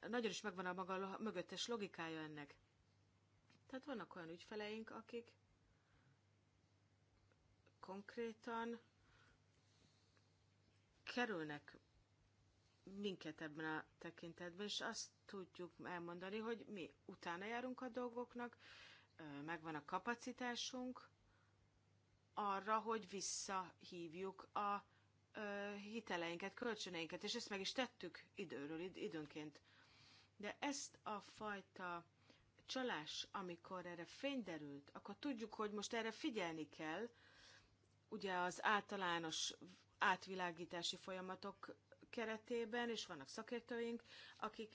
nagyon is megvan a maga mögöttes logikája ennek. Tehát vannak olyan ügyfeleink, akik konkrétan kerülnek minket ebben a tekintetben, és azt tudjuk elmondani, hogy mi utána járunk a dolgoknak, megvan a kapacitásunk arra, hogy visszahívjuk a hiteleinket, kölcsöneinket, és ezt meg is tettük időről, időnként de ezt a fajta csalás, amikor erre fény derült, akkor tudjuk, hogy most erre figyelni kell. Ugye az általános átvilágítási folyamatok keretében, és vannak szakértőink, akik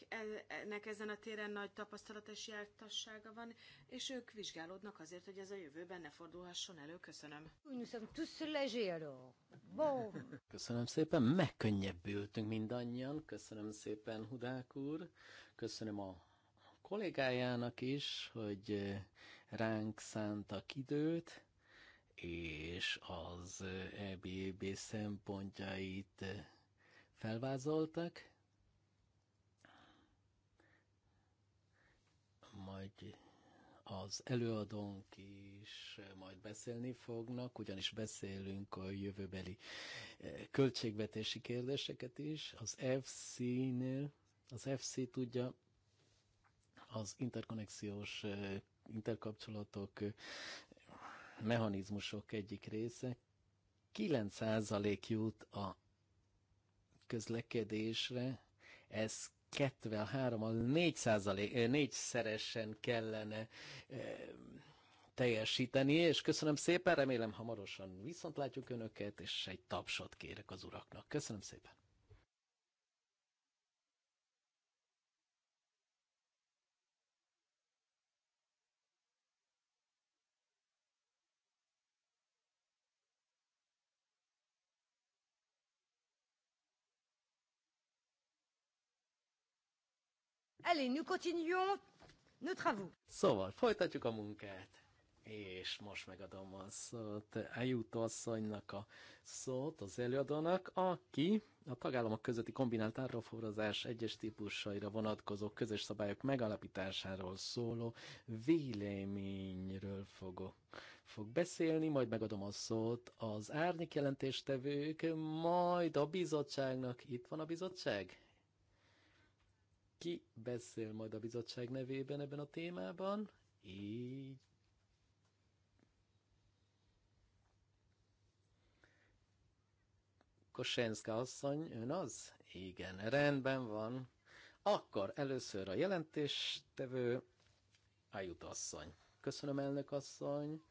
ennek ezen a téren nagy tapasztalat és jártassága van, és ők vizsgálódnak azért, hogy ez a jövőben ne fordulhasson elő. Köszönöm. Köszönöm szépen, megkönnyebbültünk mindannyian. Köszönöm szépen, Hudák úr. Köszönöm a kollégájának is, hogy eh, ránk szántak időt, és az EBB szempontjait eh, felvázoltak, majd az előadónk is majd beszélni fognak, ugyanis beszélünk a jövőbeli eh, költségvetési kérdéseket is. Az FC-nél, az FC tudja az interkonexiós eh, interkapcsolatok eh, mechanizmusok egyik része. 9% jut a közlekedésre, ez 73-al 4, százalék, 4 eh, szeresen kellene eh, teljesíteni, és köszönöm szépen, remélem hamarosan viszont látjuk Önöket, és egy tapsot kérek az uraknak. Köszönöm szépen! Allez, nous continuons nos travaux. Szóval, folytatjuk a munkát. És most megadom a szót Ejuto asszonynak a szót az előadónak, aki a tagállamok közötti kombinált árraforrozás egyes típusaira vonatkozó közös szabályok megalapításáról szóló véleményről fogok, fog beszélni, majd megadom a szót az árnyék jelentéstevők, majd a bizottságnak. Itt van a bizottság? ki beszél majd a bizottság nevében ebben a témában, így Kosenszka asszony, ön az? Igen, rendben van. Akkor először a jelentéstevő, Ajut asszony. Köszönöm, elnök asszony.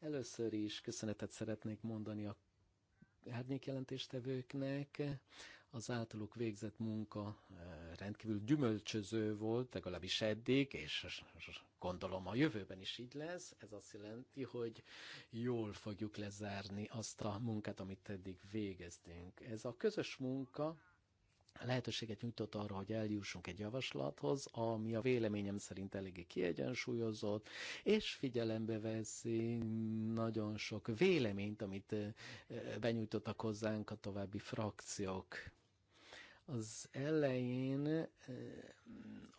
Először is köszönetet szeretnék mondani a árnyék jelentéstevőknek, az általuk végzett munka eh, rendkívül gyümölcsöző volt, legalábbis eddig, és gondolom a jövőben is így lesz. Ez azt jelenti, hogy jól fogjuk lezárni azt a munkát, amit eddig végeztünk. Ez a közös munka lehetőséget nyújtott arra, hogy eljussunk egy javaslathoz, ami a véleményem szerint eléggé kiegyensúlyozott, és figyelembe veszi nagyon sok véleményt, amit eh, benyújtottak hozzánk a további frakciók az elején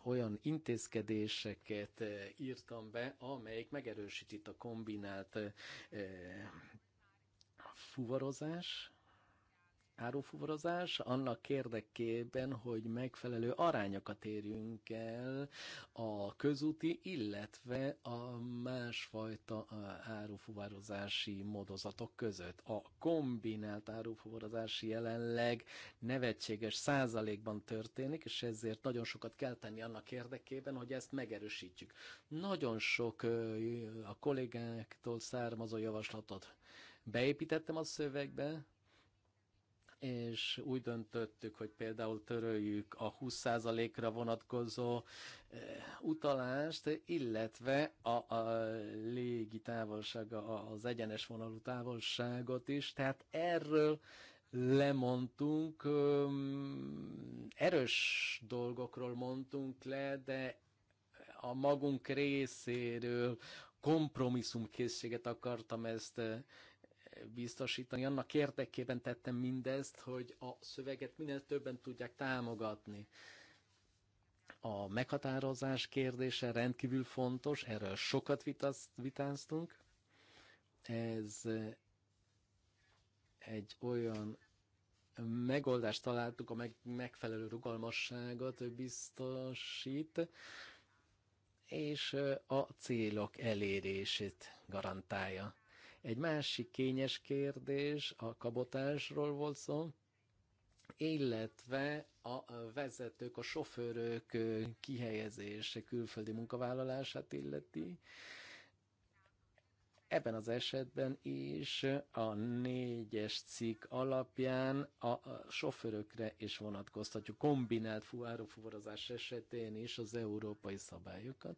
olyan intézkedéseket írtam be, amelyik megerősíti a kombinált fuvarozás, árufuvarozás annak érdekében, hogy megfelelő arányokat érjünk el a közúti, illetve a másfajta árufuvarozási módozatok között. A kombinált árufuvarozás jelenleg nevetséges százalékban történik, és ezért nagyon sokat kell tenni annak érdekében, hogy ezt megerősítjük. Nagyon sok a kollégáktól származó javaslatot beépítettem a szövegbe, és úgy döntöttük, hogy például töröljük a 20%-ra vonatkozó eh, utalást, illetve a, a légi távolsága, az egyenes vonalú távolságot is, tehát erről lemondtunk, erős dolgokról mondtunk le, de a magunk részéről kompromisszumkészséget akartam ezt eh, biztosítani. Annak érdekében tettem mindezt, hogy a szöveget minél többen tudják támogatni. A meghatározás kérdése rendkívül fontos, erről sokat vitáztunk. Ez egy olyan megoldást találtuk, a megfelelő rugalmasságot biztosít, és a célok elérését garantálja. Egy másik kényes kérdés a kabotásról volt szó, illetve a vezetők, a sofőrök kihelyezése külföldi munkavállalását illeti. Ebben az esetben is a négyes cikk alapján a sofőrökre is vonatkoztatjuk kombinált fuvarofuvarozás esetén is az európai szabályokat.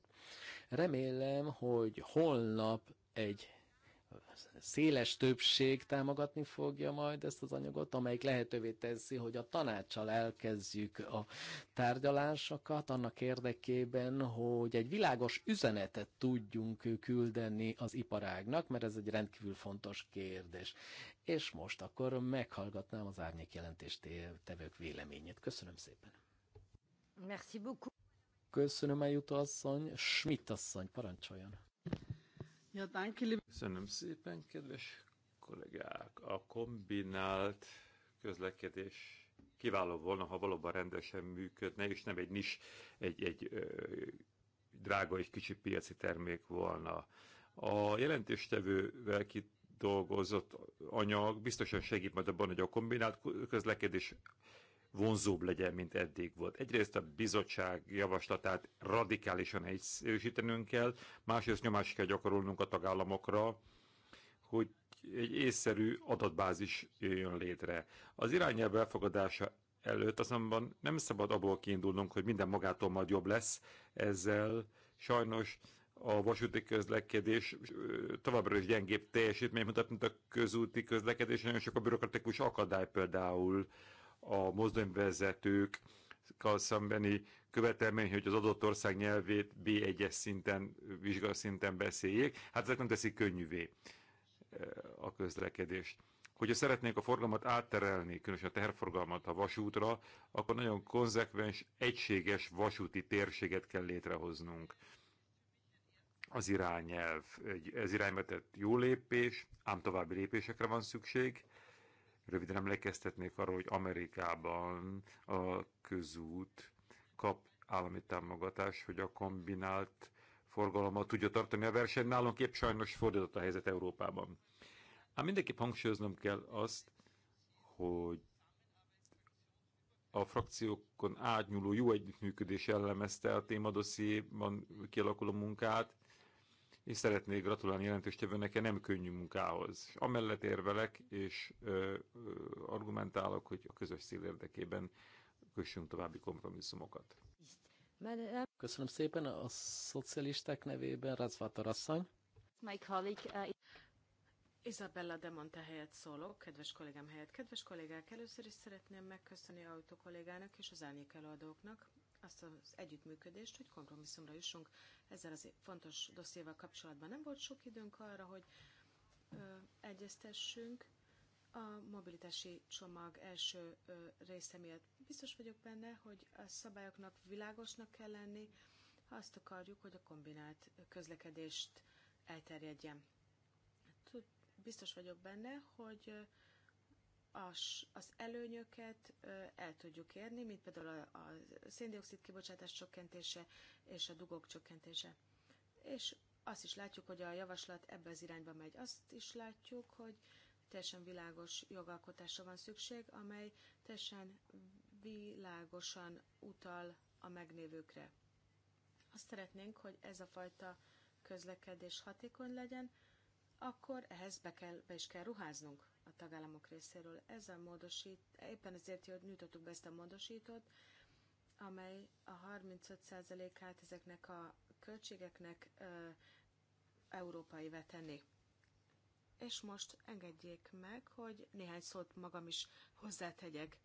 Remélem, hogy holnap egy széles többség támogatni fogja majd ezt az anyagot, amelyik lehetővé teszi, hogy a tanácssal elkezdjük a tárgyalásokat annak érdekében, hogy egy világos üzenetet tudjunk küldeni az iparágnak, mert ez egy rendkívül fontos kérdés. És most akkor meghallgatnám az árnyék jelentést tevők véleményét. Köszönöm szépen. Merci beaucoup. Köszönöm, eljutó asszony. Schmidt asszony, parancsoljon. Köszönöm szépen, kedves kollégák! A kombinált közlekedés kiváló volna, ha valóban rendesen működne, és nem egy nis, egy, egy ö, drága egy kicsi piaci termék volna. A jelentéstevővel kidolgozott dolgozott anyag biztosan segít majd abban, hogy a kombinált közlekedés vonzóbb legyen, mint eddig volt. Egyrészt a bizottság javaslatát radikálisan egyszerűsítenünk kell, másrészt nyomást kell gyakorolnunk a tagállamokra, hogy egy észszerű adatbázis jöjjön létre. Az irányelv elfogadása előtt azonban nem szabad abból kiindulnunk, hogy minden magától majd jobb lesz, ezzel sajnos a vasúti közlekedés továbbra is gyengébb teljesítmény mutat, mint a közúti közlekedés, nagyon sok a bürokratikus akadály például a mozdonyvezetők szembeni követelmény, hogy az adott ország nyelvét B1-es szinten, vizsgaszinten beszéljék. Hát ezek nem teszik könnyűvé eh, a közlekedést hogyha szeretnénk a forgalmat átterelni, különösen a teherforgalmat a vasútra, akkor nagyon konzekvens, egységes vasúti térséget kell létrehoznunk. Az irányelv, ez irányvetett jó lépés, ám további lépésekre van szükség, Röviden emlékeztetnék arra, hogy Amerikában a közút kap állami támogatást, hogy a kombinált forgalommal tudja tartani a versenyt. Nálunk épp sajnos fordított a helyzet Európában. Ám mindenképp hangsúlyoznom kell azt, hogy a frakciókon átnyúló jó együttműködés jellemezte a témadosszéban kialakuló munkát, és szeretnék gratulálni jelentős nekem nem könnyű munkához. Amellett érvelek, és ö, ö, argumentálok, hogy a közös szél érdekében kössünk további kompromisszumokat. Köszönöm szépen a szocialisták nevében, Razvatar asszony. My colleague, uh... Isabella de Monte helyett szólok, kedves kollégám helyett. Kedves kollégák, először is szeretném megköszönni a autókollégának és az árnyék előadóknak azt az együttműködést, hogy kompromisszumra jussunk ezzel az fontos dossziéval kapcsolatban. Nem volt sok időnk arra, hogy ö, egyeztessünk a mobilitási csomag első ö, része miatt. Biztos vagyok benne, hogy a szabályoknak világosnak kell lenni, ha azt akarjuk, hogy a kombinált közlekedést elterjedjen. biztos vagyok benne, hogy az előnyöket el tudjuk érni, mint például a, a széndiokszid kibocsátás csökkentése és a dugók csökkentése. És azt is látjuk, hogy a javaslat ebbe az irányba megy. Azt is látjuk, hogy teljesen világos jogalkotásra van szükség, amely teljesen világosan utal a megnévőkre. Azt szeretnénk, hogy ez a fajta közlekedés hatékony legyen, akkor ehhez be, kell, be is kell ruháznunk a tagállamok részéről. Ez a módosít, éppen ezért hogy nyújtottuk be ezt a módosítót, amely a 35%-át ezeknek a költségeknek ö, európai veteni. És most engedjék meg, hogy néhány szót magam is hozzátegyek.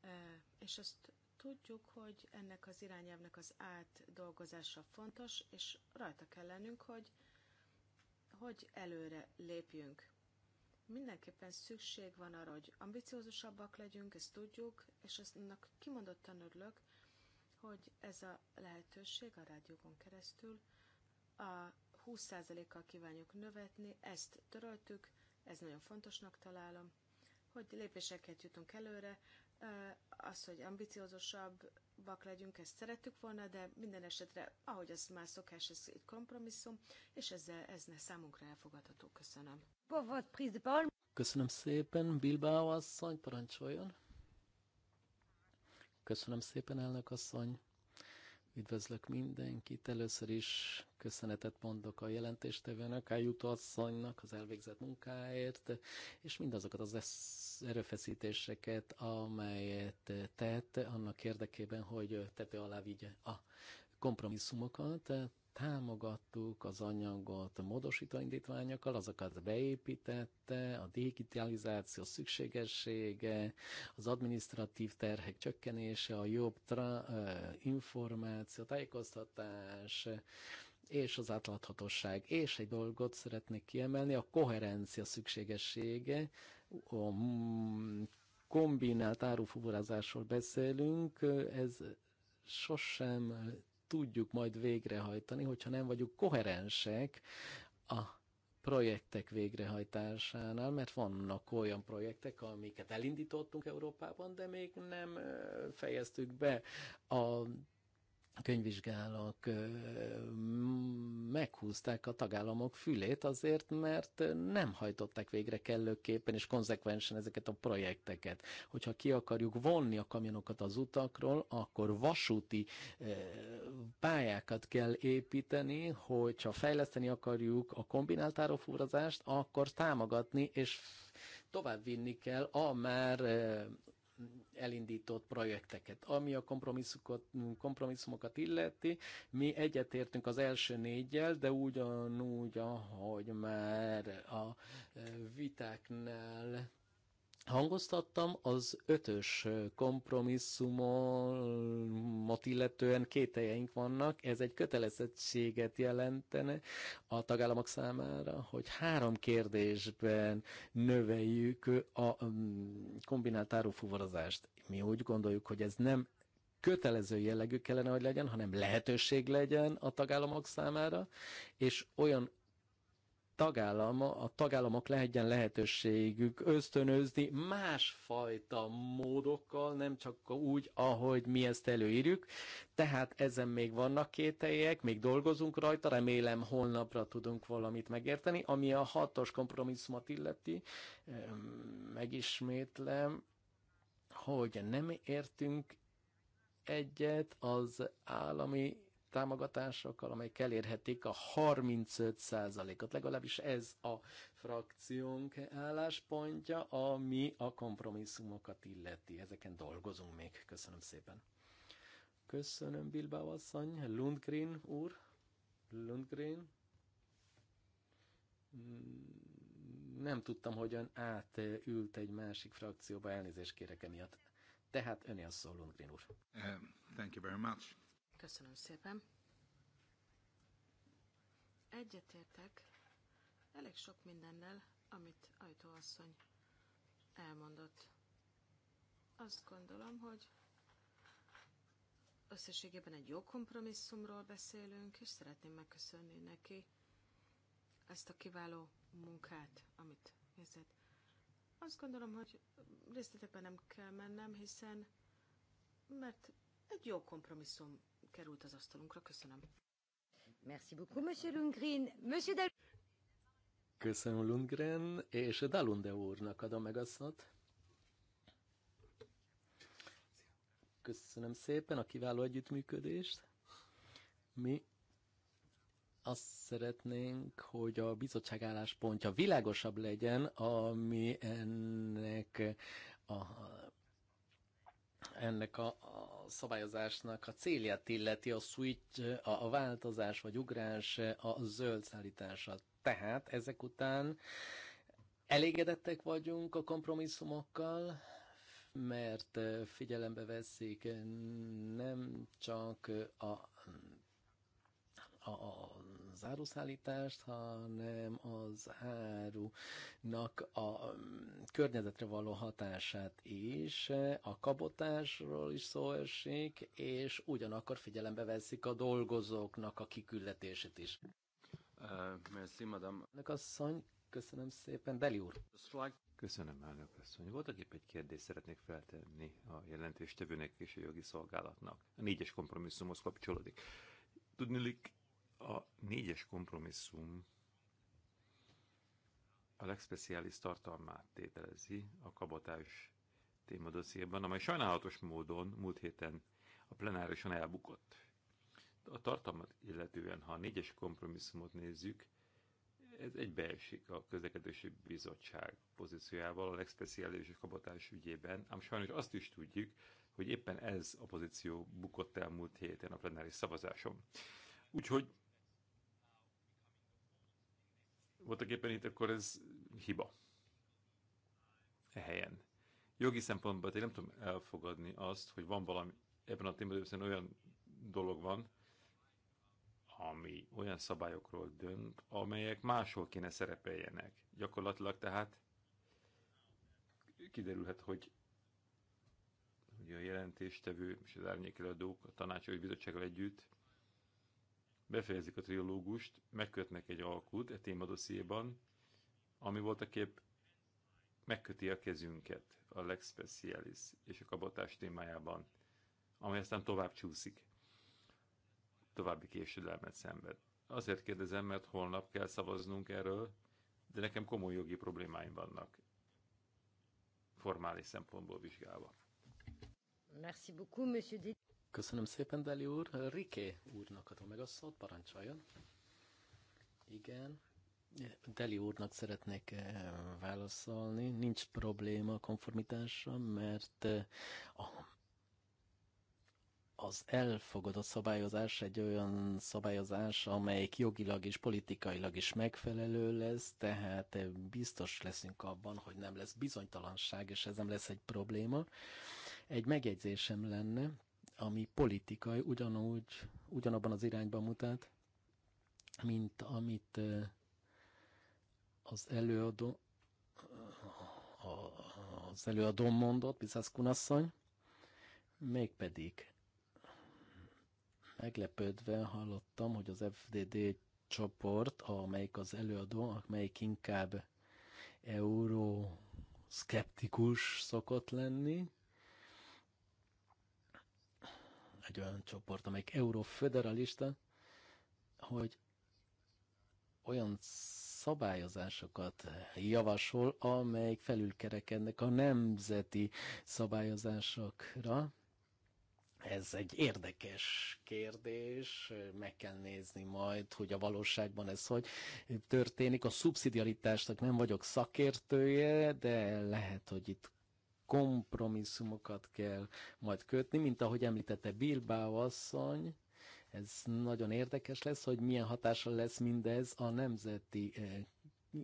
E, és azt tudjuk, hogy ennek az irányelvnek az átdolgozása fontos, és rajta kell lennünk, hogy, hogy előre lépjünk mindenképpen szükség van arra, hogy ambiciózusabbak legyünk, ezt tudjuk, és annak kimondottan örülök, hogy ez a lehetőség a rádiókon keresztül a 20%-kal kívánjuk növetni, ezt töröltük, ez nagyon fontosnak találom, hogy lépéseket jutunk előre, az, hogy ambiciózusabb bak legyünk, ezt szerettük volna, de minden esetre, ahogy az már szokás, ez egy kompromisszum, és ezzel ez ne számunkra elfogadható. Köszönöm. Köszönöm szépen, Bilbao asszony, parancsoljon. Köszönöm szépen, elnök asszony. Üdvözlök mindenkit. Először is köszönetet mondok a jelentéstevőnek, Jutó asszonynak az elvégzett munkáért, és mindazokat az erőfeszítéseket, amelyet tett annak érdekében, hogy tető alá vigye a kompromisszumokat támogattuk az anyagot módosító indítványokkal, azokat beépítette, a digitalizáció szükségessége, az administratív terhek csökkenése, a jobb tra- információ, tájékoztatás, és az átláthatóság. És egy dolgot szeretnék kiemelni, a koherencia szükségessége, a mm, kombinált árufuvarázásról beszélünk, ez sosem tudjuk majd végrehajtani, hogyha nem vagyunk koherensek a projektek végrehajtásánál, mert vannak olyan projektek, amiket elindítottunk Európában, de még nem fejeztük be a könyvvizsgálók meghúzták a tagállamok fülét azért, mert nem hajtották végre kellőképpen és konzekvensen ezeket a projekteket. Hogyha ki akarjuk vonni a kamionokat az utakról, akkor vasúti pályákat kell építeni, hogyha fejleszteni akarjuk a kombinált árofúrazást, akkor támogatni és továbbvinni kell a már elindított projekteket. Ami a kompromisszumokat, kompromisszumokat illeti, mi egyetértünk az első négyel, de ugyanúgy, ahogy már a eh, vitáknál hangoztattam, az ötös kompromisszumot illetően kételjeink vannak. Ez egy kötelezettséget jelentene a tagállamok számára, hogy három kérdésben növeljük a mm, kombinált árufuvarozást. Mi úgy gondoljuk, hogy ez nem kötelező jellegű kellene, hogy legyen, hanem lehetőség legyen a tagállamok számára, és olyan tagállama, a tagállamok legyen lehetőségük ösztönözni másfajta módokkal, nem csak úgy, ahogy mi ezt előírjuk. Tehát ezen még vannak kételjek, még dolgozunk rajta, remélem holnapra tudunk valamit megérteni. Ami a hatos kompromisszumot illeti, megismétlem, hogy nem értünk egyet az állami támogatásokkal, amelyek elérhetik a 35%-ot. Legalábbis ez a frakciónk álláspontja, ami a kompromisszumokat illeti. Ezeken dolgozunk még. Köszönöm szépen. Köszönöm, Bilbao asszony. Lundgren úr. Lundgren. Nem tudtam, hogyan átült egy másik frakcióba, elnézést kérek emiatt. Tehát öné a szó, Lundgren úr. Eh, thank you very much. Köszönöm szépen. Egyetértek elég sok mindennel, amit Ajtó asszony elmondott. Azt gondolom, hogy összességében egy jó kompromisszumról beszélünk, és szeretném megköszönni neki ezt a kiváló munkát, amit végzett. Azt gondolom, hogy részletekben nem kell mennem, hiszen mert egy jó kompromisszum került az asztalunkra. Köszönöm. Merci beaucoup, Monsieur Lundgren. Monsieur Dal... Köszönöm Lundgren, és Dalunde úrnak adom meg a szót. Köszönöm szépen a kiváló együttműködést. Mi azt szeretnénk, hogy a bizottság álláspontja világosabb legyen, ami ennek a, ennek a, szabályozásnak a célját illeti a switch, a, a változás vagy ugrás a zöld szállítása. Tehát ezek után elégedettek vagyunk a kompromisszumokkal, mert figyelembe veszik nem csak a, a, a áruszállítást, hanem az árunak a környezetre való hatását is, a kabotásról is szó esik, és ugyanakkor figyelembe veszik a dolgozóknak a kiküldetését is. Uh, merci, madame. Asszony, köszönöm szépen, Deli úr. Köszönöm, elnök asszony. Voltak épp egy kérdést szeretnék feltenni a jelentéstevőnek és a jogi szolgálatnak. A négyes kompromisszumhoz kapcsolódik. Tudnilik, a négyes kompromisszum a legspeciális tartalmát tételezi a kabotás témadosszéban, amely sajnálatos módon múlt héten a plenárison elbukott. A tartalmat illetően, ha a négyes kompromisszumot nézzük, ez egybeesik a közlekedési bizottság pozíciójával a legspeciális kabotás ügyében, ám sajnos azt is tudjuk, hogy éppen ez a pozíció bukott el múlt héten a plenáris szavazáson. Úgyhogy voltak éppen itt, akkor ez hiba. E helyen. Jogi szempontból én nem tudom elfogadni azt, hogy van valami, ebben a témában olyan dolog van, ami olyan szabályokról dönt, amelyek máshol kéne szerepeljenek. Gyakorlatilag tehát kiderülhet, hogy a jelentéstevő és az árnyékeladók a tanácsai bizottsággal együtt befejezik a trilógust, megkötnek egy alkut e témadosszéban, ami voltaképp megköti a kezünket a Lex Specialis és a kabotás témájában, ami aztán tovább csúszik, további késődelmet szenved. Azért kérdezem, mert holnap kell szavaznunk erről, de nekem komoly jogi problémáim vannak, formális szempontból vizsgálva. Merci beaucoup, monsieur Köszönöm szépen, Deli úr. Riké úrnak adom meg a szót, parancsoljon. Igen. Deli úrnak szeretnék eh, válaszolni. Nincs probléma a konformitásra, mert eh, a az elfogadott szabályozás egy olyan szabályozás, amelyik jogilag és politikailag is megfelelő lesz, tehát eh, biztos leszünk abban, hogy nem lesz bizonytalanság, és ez nem lesz egy probléma. Egy megjegyzésem lenne, ami politikai ugyanúgy, ugyanabban az irányban mutat, mint amit az előadó az előadó mondott, Bizász Kunasszony, mégpedig meglepődve hallottam, hogy az FDD csoport, amelyik az előadó, amelyik inkább euró szkeptikus szokott lenni, egy olyan csoport, amelyik euroföderalista, hogy olyan szabályozásokat javasol, amelyik felülkerekednek a nemzeti szabályozásokra. Ez egy érdekes kérdés, meg kell nézni majd, hogy a valóságban ez hogy történik. A szubszidiaritásnak nem vagyok szakértője, de lehet, hogy itt kompromisszumokat kell majd kötni, mint ahogy említette Bilbao asszony, ez nagyon érdekes lesz, hogy milyen hatással lesz mindez a nemzeti eh,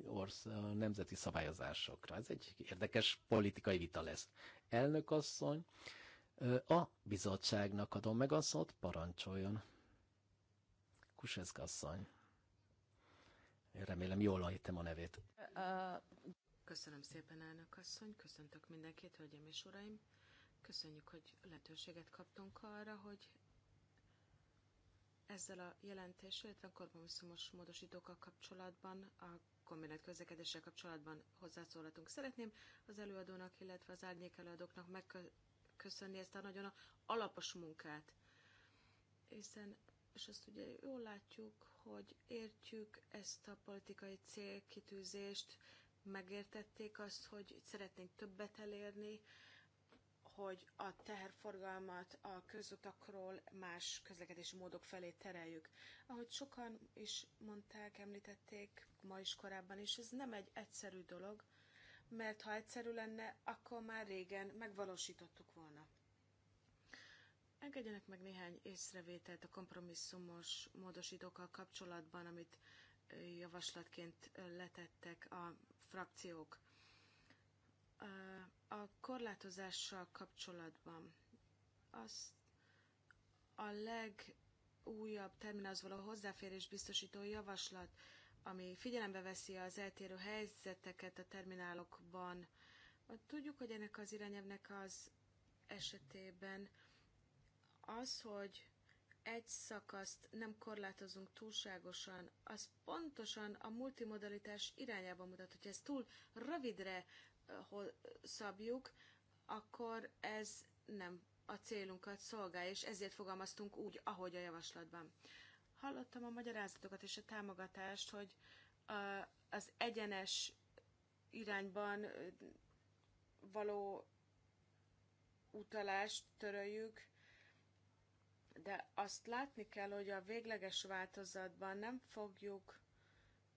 orsz, a nemzeti szabályozásokra. Ez egy érdekes politikai vita lesz. Elnök asszony, eh, a bizottságnak adom meg a szót, parancsoljon. Kuseszka asszony. Remélem jól ejtem a nevét. Uh, Köszönöm szépen, elnök asszony, köszöntök mindenkit, hölgyeim és uraim. Köszönjük, hogy lehetőséget kaptunk arra, hogy ezzel a jelentéssel, illetve a kompromisszumos módosítókkal kapcsolatban, a kombinált közlekedéssel kapcsolatban hozzászólhatunk. Szeretném az előadónak, illetve az árnyék előadóknak megköszönni ezt a nagyon alapos munkát, hiszen és azt ugye jól látjuk, hogy értjük ezt a politikai célkitűzést, megértették azt, hogy szeretnénk többet elérni, hogy a teherforgalmat a közutakról más közlekedési módok felé tereljük. Ahogy sokan is mondták, említették ma is korábban is, ez nem egy egyszerű dolog, mert ha egyszerű lenne, akkor már régen megvalósítottuk volna. Engedjenek meg néhány észrevételt a kompromisszumos módosítókkal kapcsolatban, amit javaslatként letettek a frakciók. A korlátozással kapcsolatban az a legújabb termin az való hozzáférés biztosító javaslat, ami figyelembe veszi az eltérő helyzeteket a terminálokban. Tudjuk, hogy ennek az irányelvnek az esetében az, hogy egy szakaszt nem korlátozunk túlságosan, az pontosan a multimodalitás irányába mutat. Hogyha ezt túl rövidre szabjuk, akkor ez nem a célunkat szolgálja, és ezért fogalmaztunk úgy, ahogy a javaslatban. Hallottam a magyarázatokat és a támogatást, hogy az egyenes irányban való utalást töröljük, de azt látni kell, hogy a végleges változatban nem fogjuk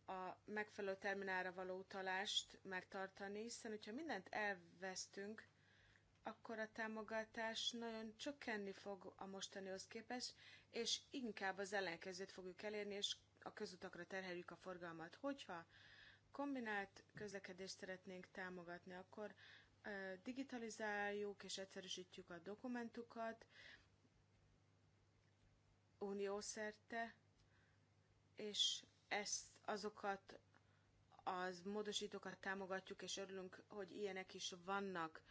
a megfelelő terminálra való utalást megtartani, hiszen hogyha mindent elvesztünk, akkor a támogatás nagyon csökkenni fog a mostanihoz képest, és inkább az ellenkezőt fogjuk elérni, és a közutakra terheljük a forgalmat. Hogyha kombinált közlekedést szeretnénk támogatni, akkor digitalizáljuk és egyszerűsítjük a dokumentukat, uniószerte, és ezt azokat az módosítókat támogatjuk, és örülünk, hogy ilyenek is vannak.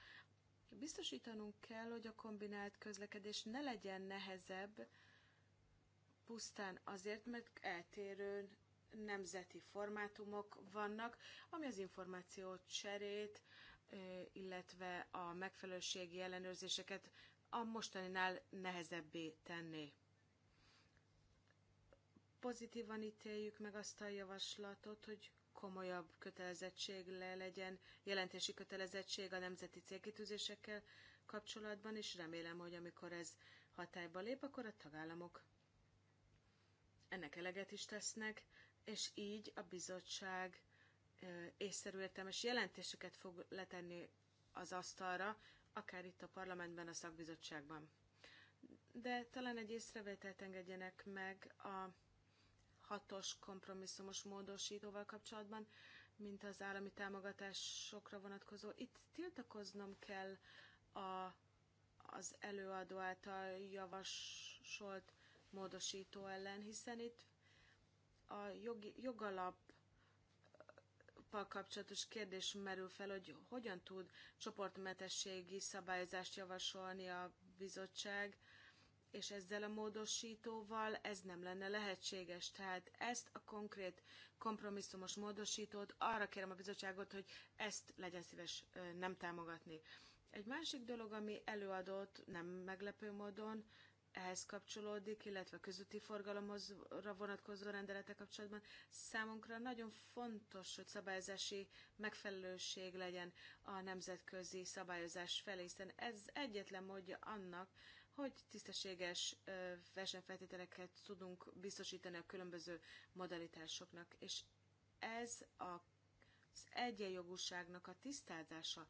Biztosítanunk kell, hogy a kombinált közlekedés ne legyen nehezebb, pusztán azért, mert eltérő nemzeti formátumok vannak, ami az információ cserét, illetve a megfelelőségi ellenőrzéseket a mostaninál nehezebbé tenné pozitívan ítéljük meg azt a javaslatot, hogy komolyabb kötelezettség le legyen, jelentési kötelezettség a nemzeti célkitűzésekkel kapcsolatban, és remélem, hogy amikor ez hatályba lép, akkor a tagállamok ennek eleget is tesznek, és így a bizottság észszerű értelmes jelentéseket fog letenni az asztalra, akár itt a parlamentben, a szakbizottságban. De talán egy észrevételt engedjenek meg a hatos kompromisszumos módosítóval kapcsolatban, mint az állami támogatásokra vonatkozó. Itt tiltakoznom kell a, az előadó által javasolt módosító ellen, hiszen itt a jogi, jogalap kapcsolatos kérdés merül fel, hogy hogyan tud csoportmetességi szabályozást javasolni a bizottság és ezzel a módosítóval ez nem lenne lehetséges. Tehát ezt a konkrét kompromisszumos módosítót arra kérem a bizottságot, hogy ezt legyen szíves nem támogatni. Egy másik dolog, ami előadott nem meglepő módon, ehhez kapcsolódik, illetve közúti forgalomra vonatkozó rendelete kapcsolatban számunkra nagyon fontos, hogy szabályozási megfelelőség legyen a nemzetközi szabályozás felé, hiszen ez egyetlen módja annak, hogy tisztességes versenyfeltételeket tudunk biztosítani a különböző modalitásoknak, és ez a, az egyenjogúságnak a tisztázása,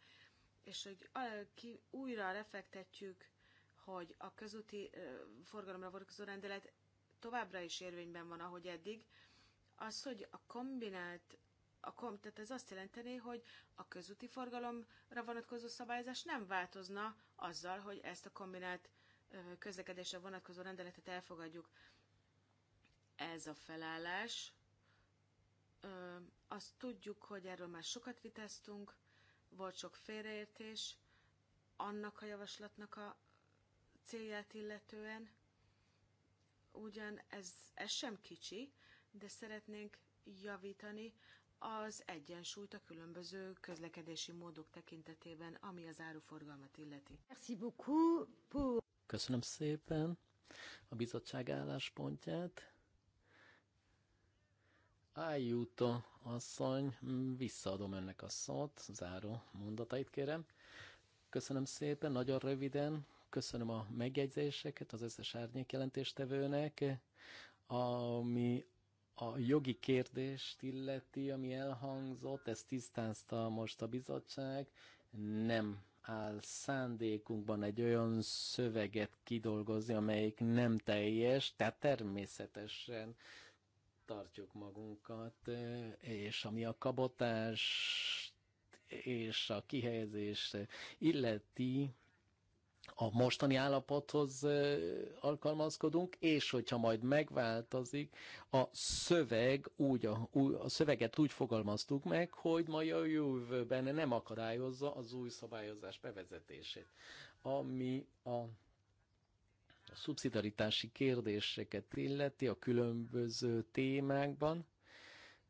és hogy ki újra refektetjük, hogy a közúti forgalomra vonatkozó rendelet továbbra is érvényben van, ahogy eddig, az, hogy a kombinált a kom, tehát ez azt jelenteni, hogy a közúti forgalomra vonatkozó szabályozás nem változna azzal, hogy ezt a kombinált közlekedésre vonatkozó rendeletet elfogadjuk. Ez a felállás. Azt tudjuk, hogy erről már sokat vitáztunk, volt sok félreértés annak a javaslatnak a célját illetően. Ugyan ez, ez sem kicsi, de szeretnénk javítani az egyensúlyt a különböző közlekedési módok tekintetében, ami az áruforgalmat illeti. Merci beaucoup pour... Köszönöm szépen a bizottság álláspontját. Ájúta asszony, visszaadom önnek a szót, záró mondatait kérem. Köszönöm szépen, nagyon röviden, köszönöm a megjegyzéseket az összes árnyék jelentéstevőnek, ami a jogi kérdést illeti, ami elhangzott, ezt tisztázta most a bizottság, nem áll szándékunkban egy olyan szöveget kidolgozni, amelyik nem teljes, tehát természetesen tartjuk magunkat, eh, és ami a kabotás és a kihelyezés illeti, a mostani állapothoz alkalmazkodunk, és hogyha majd megváltozik, a szöveg úgy, a, a szöveget úgy fogalmaztuk meg, hogy majd a jövőben nem akadályozza az új szabályozás bevezetését. Ami a a szubszidaritási kérdéseket illeti a különböző témákban.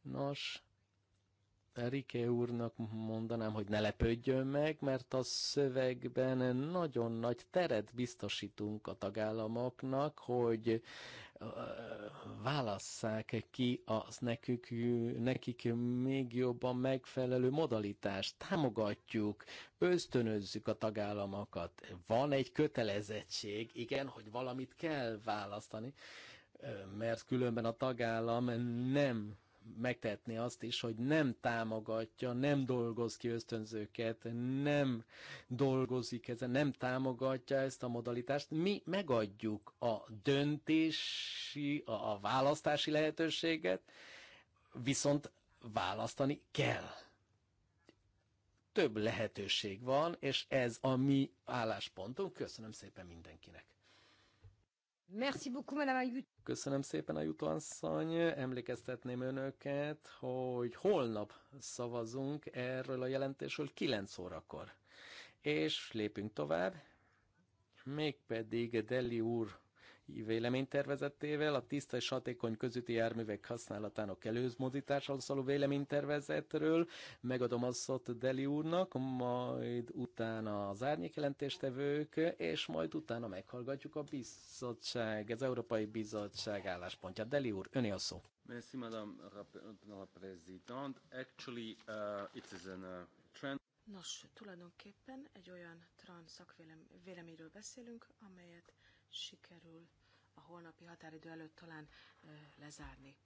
Nos, Rike úrnak mondanám, hogy ne lepődjön meg, mert a szövegben nagyon nagy teret biztosítunk a tagállamoknak, hogy válasszák ki az nekik, nekik még jobban megfelelő modalitást. Támogatjuk, ösztönözzük a tagállamokat. Van egy kötelezettség, igen, hogy valamit kell választani, mert különben a tagállam nem megtehetné azt is, hogy nem támogatja, nem dolgoz ki ösztönzőket, nem dolgozik ezen, nem támogatja ezt a modalitást. Mi megadjuk a döntési, a, a választási lehetőséget, viszont választani kell. Több lehetőség van, és ez a mi álláspontunk. Köszönöm szépen mindenkinek. Merci beaucoup, Madame Ayut. Köszönöm szépen, Ayuto asszony. Emlékeztetném önöket, hogy holnap szavazunk erről a jelentésről 9 órakor. És lépünk tovább. Mégpedig Deli úr véleménytervezetével, a tiszta és hatékony közüti járművek használatának előzmozításáról szóló véleménytervezetről. Megadom a szót Deli úrnak, majd utána az árnyékjelentéstevők, és majd utána meghallgatjuk a bizottság, az Európai Bizottság álláspontját. Deli úr, öné a szó. Merci, madame la présidente. Actually, uh, it is an, uh, trend. Nos, tulajdonképpen egy olyan trans szakvéleményről beszélünk, amelyet sikerül a holnapi határidő előtt talán lezárni.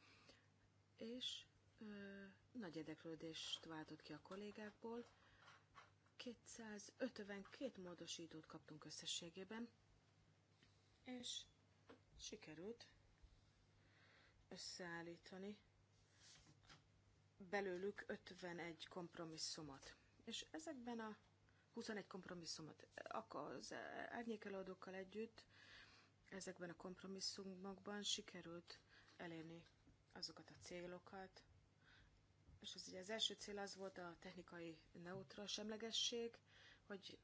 És ö, nagy érdeklődést váltott ki a kollégákból. 252 módosítót kaptunk összességében, és sikerült összeállítani belőlük 51 kompromisszumot. És ezekben a 21 kompromisszumot az árnyékelőadókkal együtt ezekben a kompromisszumokban sikerült elérni azokat a célokat, és az, ugye az első cél az volt a technikai neutra semlegesség, hogy,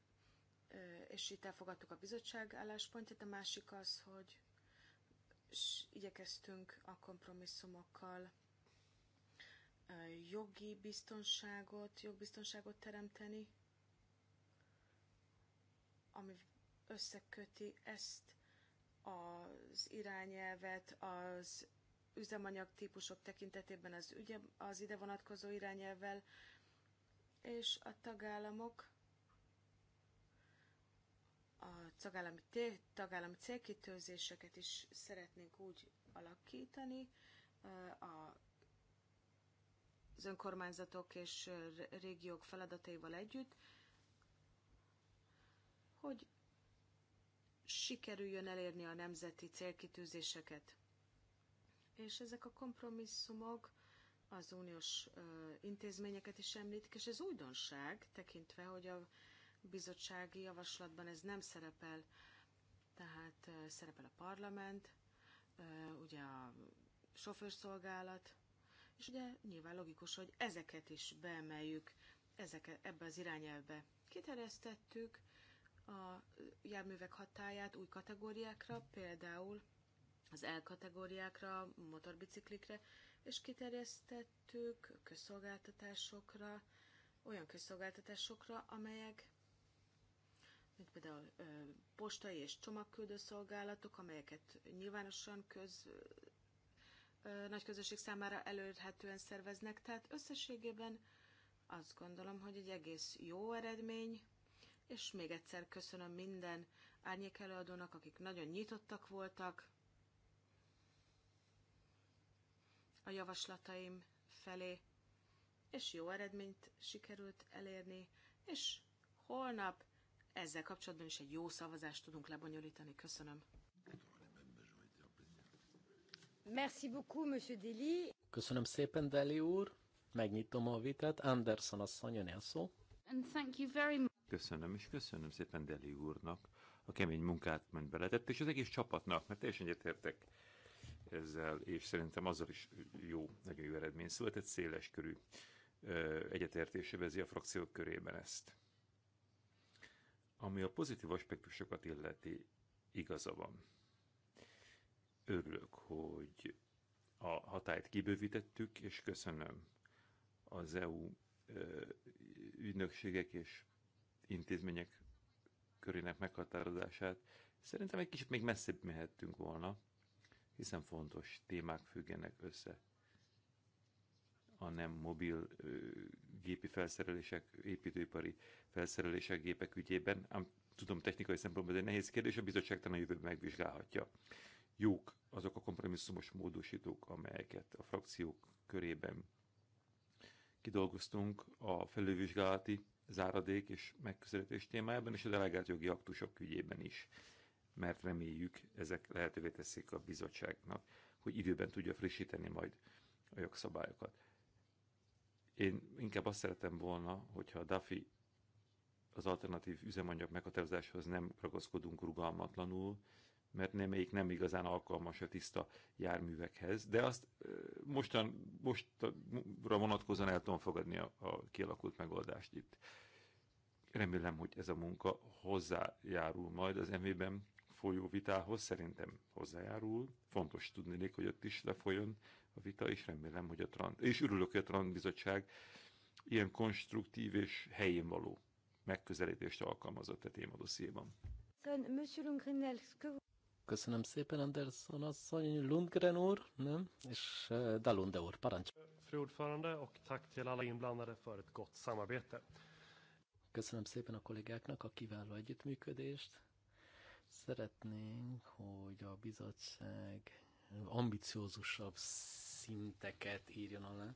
és itt elfogadtuk a bizottság álláspontját, a másik az, hogy igyekeztünk a kompromisszumokkal jogi biztonságot, jogbiztonságot teremteni, ami összeköti ezt az irányelvet, az üzemanyag típusok tekintetében az, ügye, az ide vonatkozó irányelvvel, és a tagállamok a tagállami, tagállami célkitőzéseket is szeretnénk úgy alakítani, a az önkormányzatok és régiók feladataival együtt, hogy sikerüljön elérni a nemzeti célkitűzéseket. És ezek a kompromisszumok az uniós intézményeket is említik, és ez újdonság, tekintve, hogy a bizottsági javaslatban ez nem szerepel, tehát szerepel a parlament, ugye a sofőrszolgálat, és ugye nyilván logikus, hogy ezeket is beemeljük ezeket, ebbe az irányelbe. Kiterjesztettük a járművek hatáját új kategóriákra, például az L kategóriákra, motorbiciklikre, és kiterjesztettük közszolgáltatásokra, olyan közszolgáltatásokra, amelyek mint például ö, postai és csomagküldő szolgálatok, amelyeket nyilvánosan köz, ö, nagy közösség számára előrhetően szerveznek. Tehát összességében azt gondolom, hogy egy egész jó eredmény, és még egyszer köszönöm minden árnyék előadónak, akik nagyon nyitottak voltak a javaslataim felé, és jó eredményt sikerült elérni, és holnap ezzel kapcsolatban is egy jó szavazást tudunk lebonyolítani. Köszönöm. Merci beaucoup, Monsieur Deli. Köszönöm szépen, Deli úr. Megnyitom a vitát. Anderson asszony, jön szó. And thank you very much. Köszönöm, és köszönöm szépen Deli úrnak a kemény munkát, ment beletett, és az egész csapatnak, mert teljesen egyetértek ezzel, és szerintem azzal is jó, nagyon jó eredmény született, széles körű egyetértés övezi a frakciók körében ezt. Ami a pozitív aspektusokat illeti, igaza van. Örülök, hogy a hatályt kibővítettük, és köszönöm az EU ügynökségek és intézmények körének meghatározását. Szerintem egy kicsit még messzebb mehettünk volna, hiszen fontos témák függenek össze a nem mobil gépi felszerelések, építőipari felszerelések, gépek ügyében. Ám tudom, technikai szempontból ez egy nehéz kérdés, a bizottság talán a jövőben megvizsgálhatja. Jók azok a kompromisszumos módosítók, amelyeket a frakciók körében kidolgoztunk a felülvizsgálati záradék és megközelítés témájában, és a delegált jogi aktusok ügyében is, mert reméljük, ezek lehetővé teszik a bizottságnak, hogy időben tudja frissíteni majd a jogszabályokat. Én inkább azt szeretem volna, hogyha a DAFI az alternatív üzemanyag meghatározáshoz nem ragaszkodunk rugalmatlanul, mert némelyik nem igazán alkalmas a tiszta járművekhez, de azt mostan, mostra vonatkozóan el tudom fogadni a, a kialakult megoldást itt. Remélem, hogy ez a munka hozzájárul majd az emében folyó vitához, szerintem hozzájárul. Fontos tudni, hogy ott is lefolyjon a vita, és remélem, hogy a Trant, és örülök, hogy a Trant bizottság ilyen konstruktív és helyén való megközelítést alkalmazott a témadossziéban. Szóval, Köszönöm szépen, Anderson asszony, Lundgren úr, nem? És eh, Dalunde úr, parancs. Fru ordförande, och tack till alla inblandade för ett gott samarbete. Köszönöm szépen a kollégáknak a kiváló együttműködést. Szeretnénk, hogy a bizottság ambiciózusabb szinteket írjon alá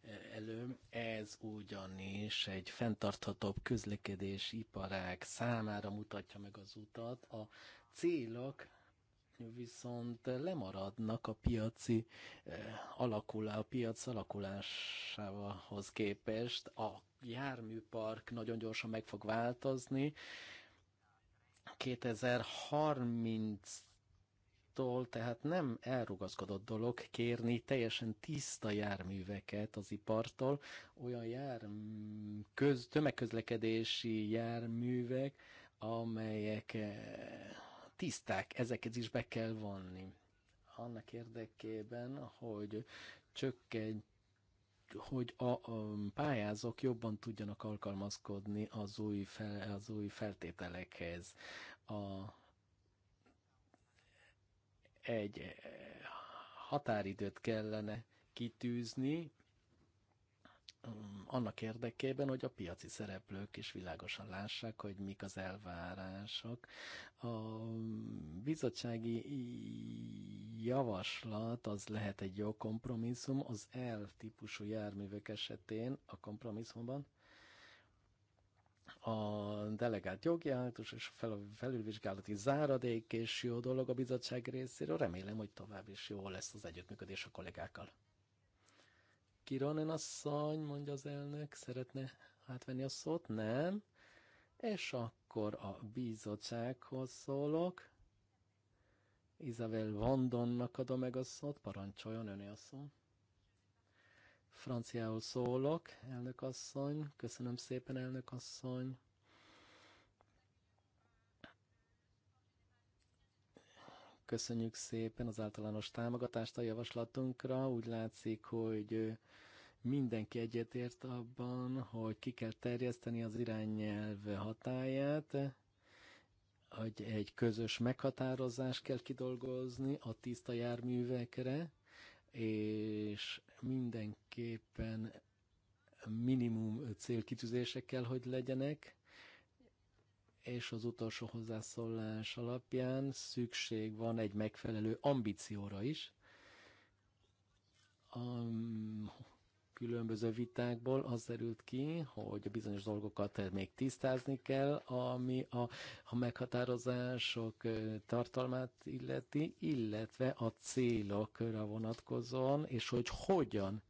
eh, elő. Ez ugyanis egy fenntarthatóbb közlekedés iparág számára mutatja meg az utat. A célok viszont eh, lemaradnak a piaci eh, alakulá, a piac alakulásához képest. A járműpark nagyon gyorsan meg fog változni. 2030 tehát nem elrugaszkodott dolog kérni teljesen tiszta járműveket az ipartól, olyan jár, köz, tömegközlekedési járművek, amelyek eh, tiszták, ezeket is be kell vonni. Annak érdekében, hogy csökkent hogy a, a pályázók jobban tudjanak alkalmazkodni az új, fel, az új feltételekhez. A, egy eh, határidőt kellene kitűzni, annak érdekében, hogy a piaci szereplők is világosan lássák, hogy mik az elvárások. A bizottsági javaslat az lehet egy jó kompromisszum az elv típusú járművek esetén a kompromisszumban. A delegált jogi állatos és a felülvizsgálati záradék és jó dolog a bizottság részéről. Remélem, hogy tovább is jó lesz az együttműködés a kollégákkal. Kironen asszony, mondja az elnök, szeretne átvenni a szót? Nem. És akkor a bizottsághoz szólok. Isabel Vandonnak adom meg a szót, parancsoljon öné a szó. Franciául szólok, elnök asszony, köszönöm szépen, elnök asszony. Köszönjük szépen az általános támogatást a javaslatunkra. Úgy látszik, hogy mindenki egyetért abban, hogy ki kell terjeszteni az irányelv hatáját, hogy egy közös meghatározást kell kidolgozni a tiszta járművekre, és mindenképpen minimum célkitűzések kell, hogy legyenek, és az utolsó hozzászólás alapján szükség van egy megfelelő ambícióra is. A különböző vitákból az derült ki, hogy a bizonyos dolgokat még tisztázni kell, ami a, a meghatározások tartalmát illeti, illetve a célokra vonatkozóan, és hogy hogyan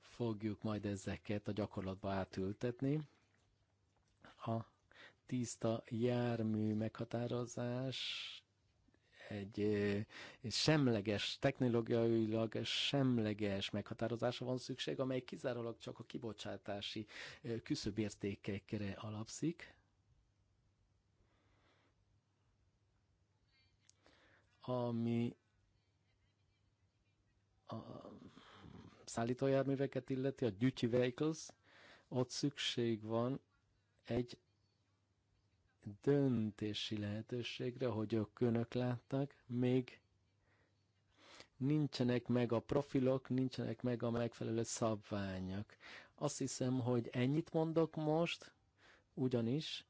fogjuk majd ezeket a gyakorlatba átültetni. A tiszta jármű meghatározás egy, egy semleges, technológiailag semleges meghatározása van szükség, amely kizárólag csak a kibocsátási küszöbértékekre alapszik. Ami a szállítójárműveket illeti, a duty vehicles, ott szükség van egy döntési lehetőségre, hogy ők önök látnak, még nincsenek meg a profilok, nincsenek meg a megfelelő szabványok. Azt hiszem, hogy ennyit mondok most, ugyanis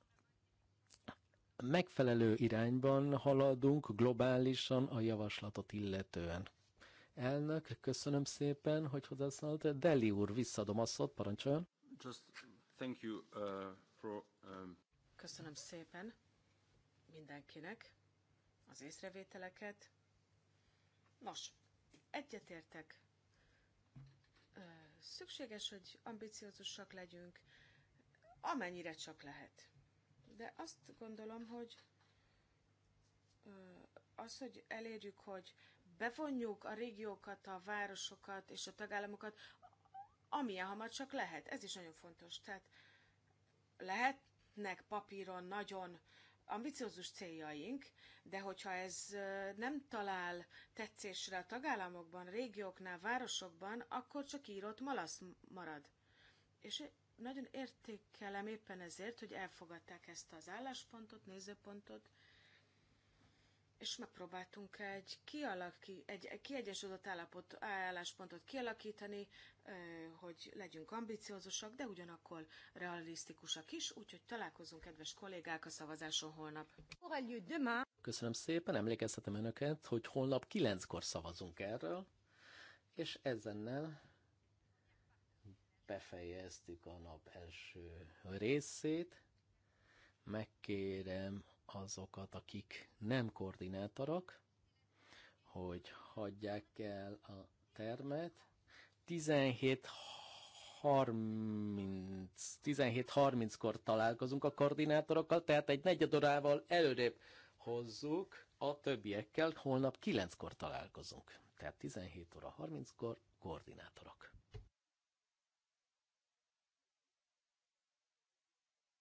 megfelelő irányban haladunk globálisan a javaslatot illetően. Elnök, köszönöm szépen, hogy hozzászólt. Deli úr, visszadom a szót, parancsoljon. Just thank you, uh, for, um... Köszönöm szépen mindenkinek az észrevételeket. Nos, egyetértek. Szükséges, hogy ambiciózusak legyünk, amennyire csak lehet. De azt gondolom, hogy az, hogy elérjük, hogy bevonjuk a régiókat, a városokat és a tagállamokat, amilyen hamar csak lehet. Ez is nagyon fontos. Tehát lehet lehetnek papíron nagyon ambiciózus céljaink, de hogyha ez nem talál tetszésre a tagállamokban, régióknál, városokban, akkor csak írott malasz marad. És nagyon értékelem éppen ezért, hogy elfogadták ezt az álláspontot, nézőpontot, és megpróbáltunk egy, kialaki, egy kiegyensúlyozott állapot, álláspontot kialakítani, hogy legyünk ambiciózusak, de ugyanakkor realisztikusak is, úgyhogy találkozunk, kedves kollégák, a szavazáson holnap. Köszönöm szépen, emlékeztetem Önöket, hogy holnap kilenckor szavazunk erről, és ezennel befejeztük a nap első részét. Megkérem azokat, akik nem koordinátorok, hogy hagyják el a termet, 17 17.30-kor találkozunk a koordinátorokkal, tehát egy negyed órával előrébb hozzuk a többiekkel, holnap 9-kor találkozunk. Tehát 17 óra 30-kor koordinátorok.